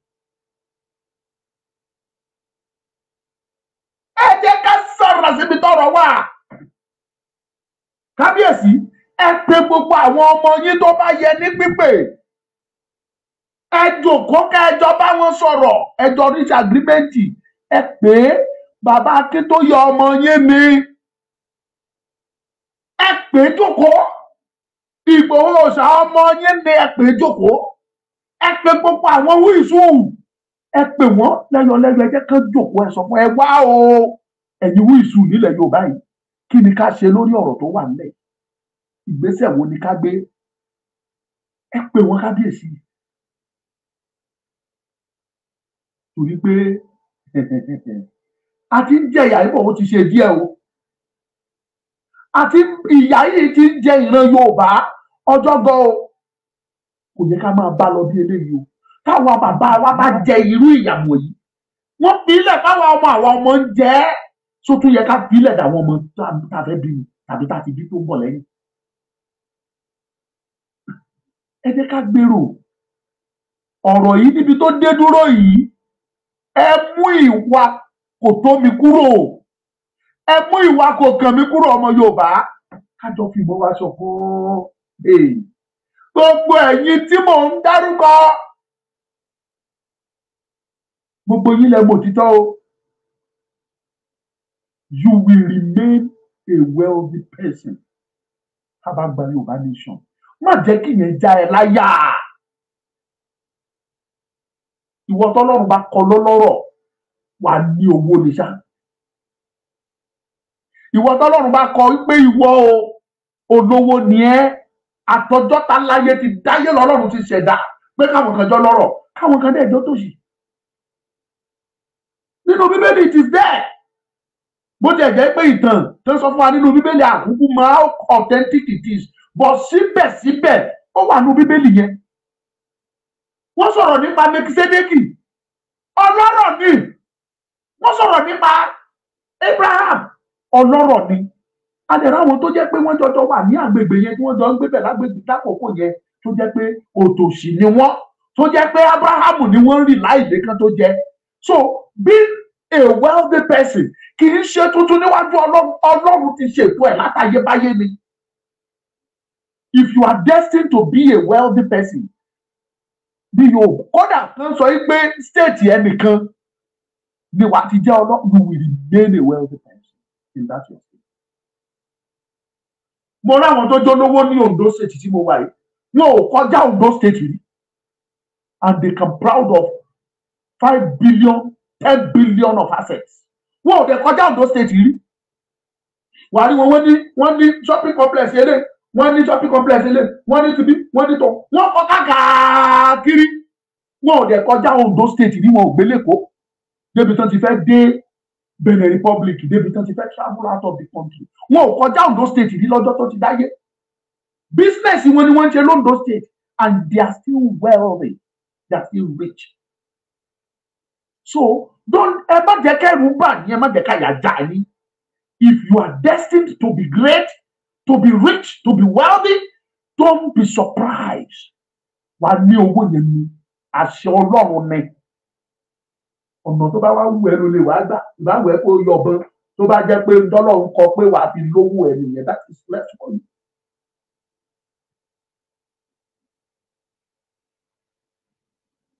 ẹ jẹ́ ká sọ̀rọ̀ síbi tọ́rọ̀ wà kábíyèsí ẹ pe gbogbo àwọn ọmọ yín tó bá yẹ ní pípé ẹ jòkóó kẹjọ bá wọn sọ̀rọ̀ ẹjọ reach agreement ẹ pé bàbá akíntóye ọmọ yín ni ẹ pé jòkóó ìgbòho òòṣà ọmọ yín ni ẹ pé jòkóó ẹ pe gbogbo àwọn wíìsù ẹ pè wọn lẹ́yọ lẹ́yọ ẹ jẹ́ kán jòkóó ẹ sọ fún ẹ wá o ẹ̀yin wíìsù nílẹ̀ Yorùbá yìí kí ni ká ṣe lórí ọ̀rọ̀ tó wà nílẹ̀ ìgbésẹ̀ wo ni ká gbé ẹ pé wọn kábíyèsí torí pé a ti ń jẹ ìyà yìí bọ̀ ó ti ṣe díẹ̀ o àti ìyà yìí ti ń jẹ ìran Yorùbá ọjọ́ gan o kò yẹ ká máa bá lọ bí eléyìí o táwọn bàbá wa bá jẹ irú ìyàwó yìí wọ́n fi ilẹ̀ fáwọn ọmọ àwọn ọmọ ń jẹ ẹ́ só tún yẹ ká bílẹ̀ dàwọn ọmọ tá a fẹ́ bí tàbí tá a ti bí tó ń bọ̀ lẹ́yìn. ẹ jẹ́ ká gbèrò ọ̀rọ̀ yìí níbi tó dé dúró yìí ẹ mú ìwà kò tó mi kúrò ẹ mú ìwà kò kàn mí kúrò ọmọ Yorùbá kájọ fìbọn wa ṣọ̀kan e. gbogbo ẹ̀yin tí mò ń dárúkọ gbogbo yín lẹ mọ̀ òtítọ́ o you will remain a wealthy person tá a bá gba yorùbá nation má jẹ́ kí yẹn já ẹ láyà ìwọ tọ́lọ́run bá kọ lọ́lọ́rọ̀ wà ní owó lè ṣá ìwọ tọ́lọ́run bá kọ pé ìwọ o olówó ni ẹ àtọjọ́ ta láyé ti dáyé lọ́lọ́run ti ṣẹ̀dá pé káwọn kan jọ lọ́rọ̀ káwọn kan dẹ̀ jọ tòṣì nínú bíbélì it is there bó tẹ̀ jẹ́ pé ìtàn tó sọ fún wa nínú bíbélì àkúkú máa authentic it is but síbẹ̀síbẹ̀ ó wà nínú bíbélì yẹn wọ́n sọ̀rọ̀ nípa mekisedeki ọlọ́rọ̀ ni wọ́n sọ̀rọ̀ nípa Abraham ọlọ́rọ̀ ni a lè ráwọn tó jẹ́ pé wọ́n jọjọ wà ní àgbègbè yẹn tí wọ́n jọ ń gbé bẹ̀ lágbègbè lákòókò yẹn tó jẹ́ pé òtòṣì ni wọ́n tó jẹ́ pé Abraham ni wọ́n ń rì láìlé kan tó jẹ́ so bí a wealthy person kì í ṣe tuntun níwájú ọlọ́run ti ṣètò ẹ̀ látayébáyé ni if you are destined to be a wealthy person bí yóò kódà kan sọ pé state yẹn nìkan ni wàá ti jẹ́ ọlọ́run you will remain a wealthy person in that way. mo ráwọn tó jólówó ní Ondo state tí mo wà yìí wọn ò kọjá Ondo state rí and they can proud of five billion ten billion of assets wọn ò dẹ̀ kọjá Ondo state rí wàá rí wọn ní wọn ní shopping complex eléyìí wọn ní shopping complex ilé wọn ní tibí wọn ní tó wọn kọ káàkiri wọn ò dẹ kọjá Ondo state ní wọn ò gbé lẹkọọ débi tán ti fẹ́ dé Benin Republic débi tán ti fẹ́ travel out of the country wọn ò kọjá Ondo state ní lọ́jọ́ tó ti dáyé business wọn ni wọn ń ṣe l'Ondo state and they are still wealthy they are still rich so don't ẹ má jẹ́ kẹ́rù bà yín ẹ má jẹ́ káyà já yín if you are destined to be great to be rich to be wealthy don't be surprised wàá ní owó yẹn ni àṣẹ ọlọ́run ni ọ̀nà tó bá wá wù ẹ́ ló lè wá gbà ìbáwò ẹ kó yọbọn tó bá jẹ́ pé ńdọ́lọ́run kọ pé wàá fi lówó ẹ nìyẹn that is less for you.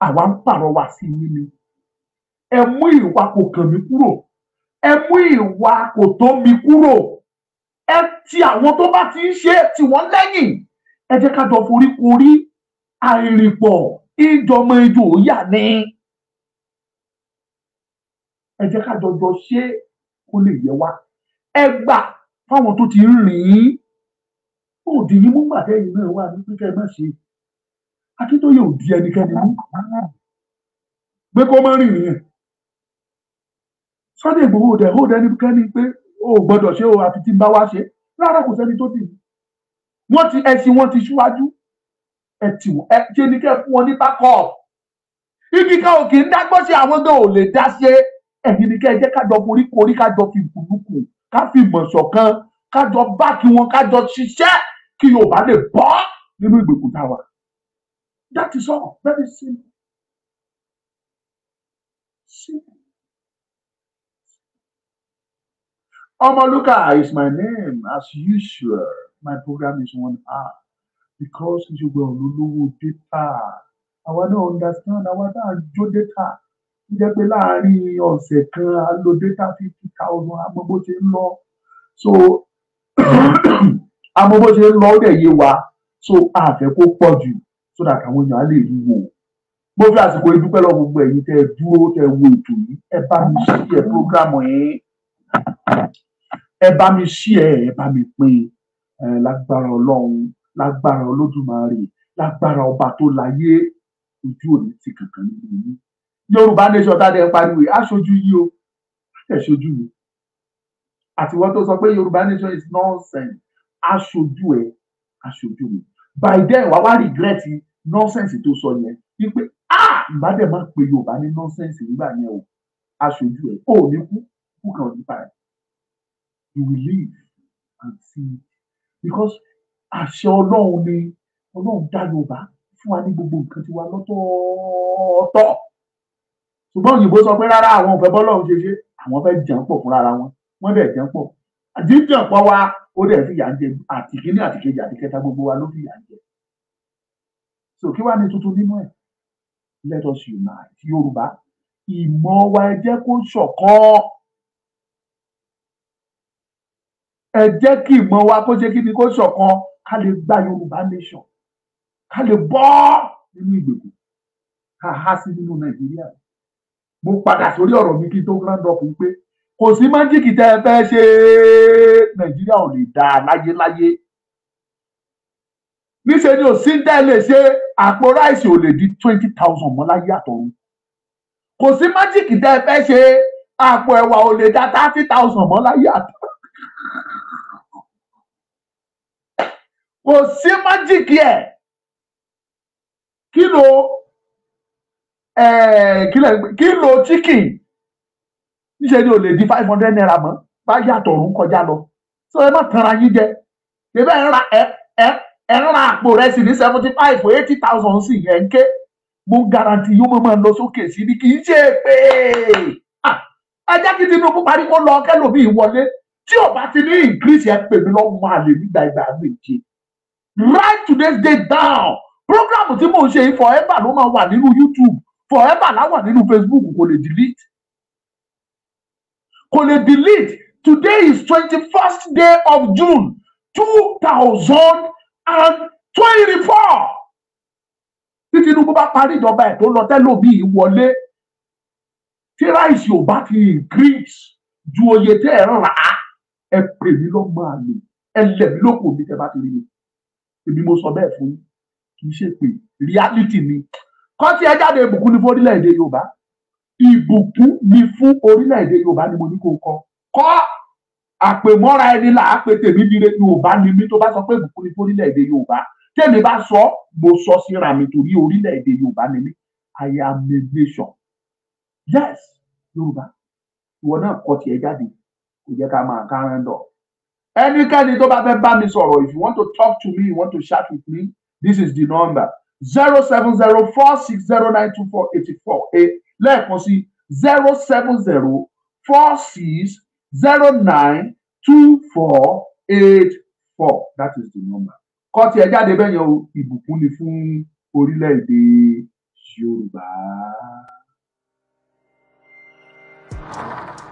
àwa ń pàrọwà sí yín ẹ mú ìwà kò kàn mí kúrò ẹ mú ìwà kò tó mi kúrò ẹ ti àwọn tó bá ti ń ṣe tì wọ́n lẹ́yìn ẹ jẹ́ ká jọ forí korí àìrìnpọ̀ ìjọmọ ijó yà ní ẹ jẹ́ ká jọjọ ṣe kó lè yẹ wá ẹ gbà fáwọn tó ti ń rìn òdì yìí mú gbàtẹ́yìn náà wà ní pípẹ́ má ṣe akíntóye òdì ẹnikẹ́ni mú gbé kó má rìn nìyẹn. Sunday Igboho ò dẹ̀ hold ẹnikẹ́ni pé o ò ṣe o àfi tí n bá wá ṣe rárá kò sẹ́ni tó dì wọ́n ti ẹṣin wọ́n ti ṣíwájú ẹ tì wọ́n ẹ ṣe ni kẹ́ fún wọn ní backup ibi kan ò kì í dágbọ́ ṣe àwọn gan ò lè dá ṣe ẹ̀yin ni kẹ́ ẹ jẹ́ kájọ forí korí kájọ fi ìkùnúkù ká fi mọ̀ṣọ̀ kan kájọ báàkì wọn kájọ ṣiṣẹ́ kí Yorùbá lè bọ́ nínú ìgbèkùn táwa that is all very simple. simple. Omaluka is my name, as usual. My program is one hour because you will lolowo data. want to understand àwa náà jó data. Ó jẹ́ pé láàárín ọ̀sẹ̀ kan a lo data fifty thousand àmọ́ bó ṣe ń lọ. So àmọ́ bó ṣe ń lọ ó dẹ̀ yé wa. So àfẹ́ kó pọ̀ jù so that àwọn èèyàn á lè rí wò. Mo fi àsìkò ìdúpẹ́ lọ gbogbo ẹ̀yin tẹ́ ẹ dúró tẹ́ ẹ wo ètò yìí. Ẹ bá mi ṣí ẹ prógrámù yín ẹ bá mi ṣí ẹ ẹ bá mi pín lágbára Ọlọ́run lágbára Olódùmarè lágbára ọba tó láyé ojú òní ti kankan nínú yín Yorùbá nation tá a dẹ pariwo aṣojú yìí o àtẹ̀ṣojú mi àtiwọ́n tó sọ pé Yorùbá nation is nonsense aṣojú ẹ aṣojú mi by then wàá wá regret nonsense tó sọ yẹn wípé ah ìbádẹ́ máa pe Yorùbá ní nonsense nígbà yẹn o aṣojú ẹ ò ní kú kú kan ò ní pa ẹ you will live and see because àṣẹ ọlọ́run ni ọlọ́run dá yorùbá fún wa ní gbogbo nǹkan tiwa lọ́tọ̀ọ̀tọ̀ ṣùgbọ́n òyìnbó sọ pé rárá àwọn ò fẹ́ bọ́lọ́run ṣe ṣe àwọn fẹ́ jẹun pọ̀ fúnra wọn wọ́n dẹ̀ jẹun pọ̀ àdídàn pọ̀ wá ó dẹ̀ fi yà ń jẹ àtìkíní àtìkejì àtìkẹta gbogbo wa ló fi yà ń jẹ so kí wàá ní tuntun nínú ẹ̀ let us unite yorùbá ìmọ̀ wa ẹ jẹ́ kó ṣọ̀kan. ẹ jẹ́ kí ìmọ̀ wa kó ṣe kí ni kó ṣọ̀kan ká lè gba Yorùbá nation ká lè bọ́ nínú ìgbèkùn ká há sí nínú Nàìjíríà mo padà sórí ọ̀rọ̀ mi kí n tó round up pé kò sí májíkì tẹ́ ẹ fẹ́ ṣe Nàìjíríà ò lè dáa láyéláyé níṣẹ́ ni òsín tẹ́ ṣe àpò ráìsì ò lè di twenty thousand mọ́ láyé àtọ̀run kò sí májíkì tẹ́ ẹ fẹ́ ṣe àpò ẹ̀wà ò lè da thirty thousand mọ́ láyé àtọ̀run kò sí májìkì ẹ̀ kílò kílò chicken níṣẹ́ ni ò lè di five hundred naira mọ́ bá yàtọ̀ òun kọjá lọ so ẹ má tanra yín jẹ ìbẹ́ ẹ̀ ń ra àpò rẹ̀ sí ní seventy five or eighty thousand sí ẹ̀ ń ké mo garanti yóò máa lọ sókè sí ni kì í ṣe pé ajá ah, kí Tinubu parí kó lọ kẹ́lòmíì wọlé tí ò bá ti ní increase ẹ pè mí lọ́wọ́ máa lè nígbà ìgbà méje write today's date down program tí mò ń ṣe yìí forever ló máa wà nínú youtube forever láwà nínú facebook kò lè delete kò lè delete today is twenty-first day of june two thousand and twenty-four tí tinubu bá parí ìjọba ẹ̀ tó lọ tẹ́lómi wọlé tí ráìsì ò bá ti increase ju oye tẹ́ ẹ̀ rà á ẹ pè mí lọ́gbọ́n àlè ẹ lẹ̀ mí lóko mi tẹ́ bá ti rí mi èmi mo sọ bẹ́ẹ̀ fún yín kì í ṣe pé reality ni kọ́ńtì ẹ jáde ìbùkún ni fún orílẹ̀-èdè Yorùbá ìbùkún ni fún orílẹ̀-èdè Yorùbá ni mo ní kó kọ kọ́ àpèmọ́ra ẹni là á pe tèmi dire Yorùbá ni mí tó bá sọ pé ìbùkún ni fún orílẹ̀-èdè Yorùbá tèmi bá sọ mo sọ síra mi torí orílẹ̀-èdè Yorùbá ni mí I am a nation yes Yorùbá ìwọ náà kọ́ tiẹ̀ jáde kò jẹ́ ká máa kárán Any kind of bá fẹ́ bá mi sọ̀rọ̀ if you want to talk to me you want to chat with me this is the number zero seven zero four six zero nine two four eighty four eight lẹ́ẹ̀kan sí zero seven zero four six zero nine two four eight four that is the number kọ́ tiẹ̀ jáde bẹ́ẹ̀ yẹn ìbùkún ni fún orílẹ̀-èdè Yorùbá. Thank you.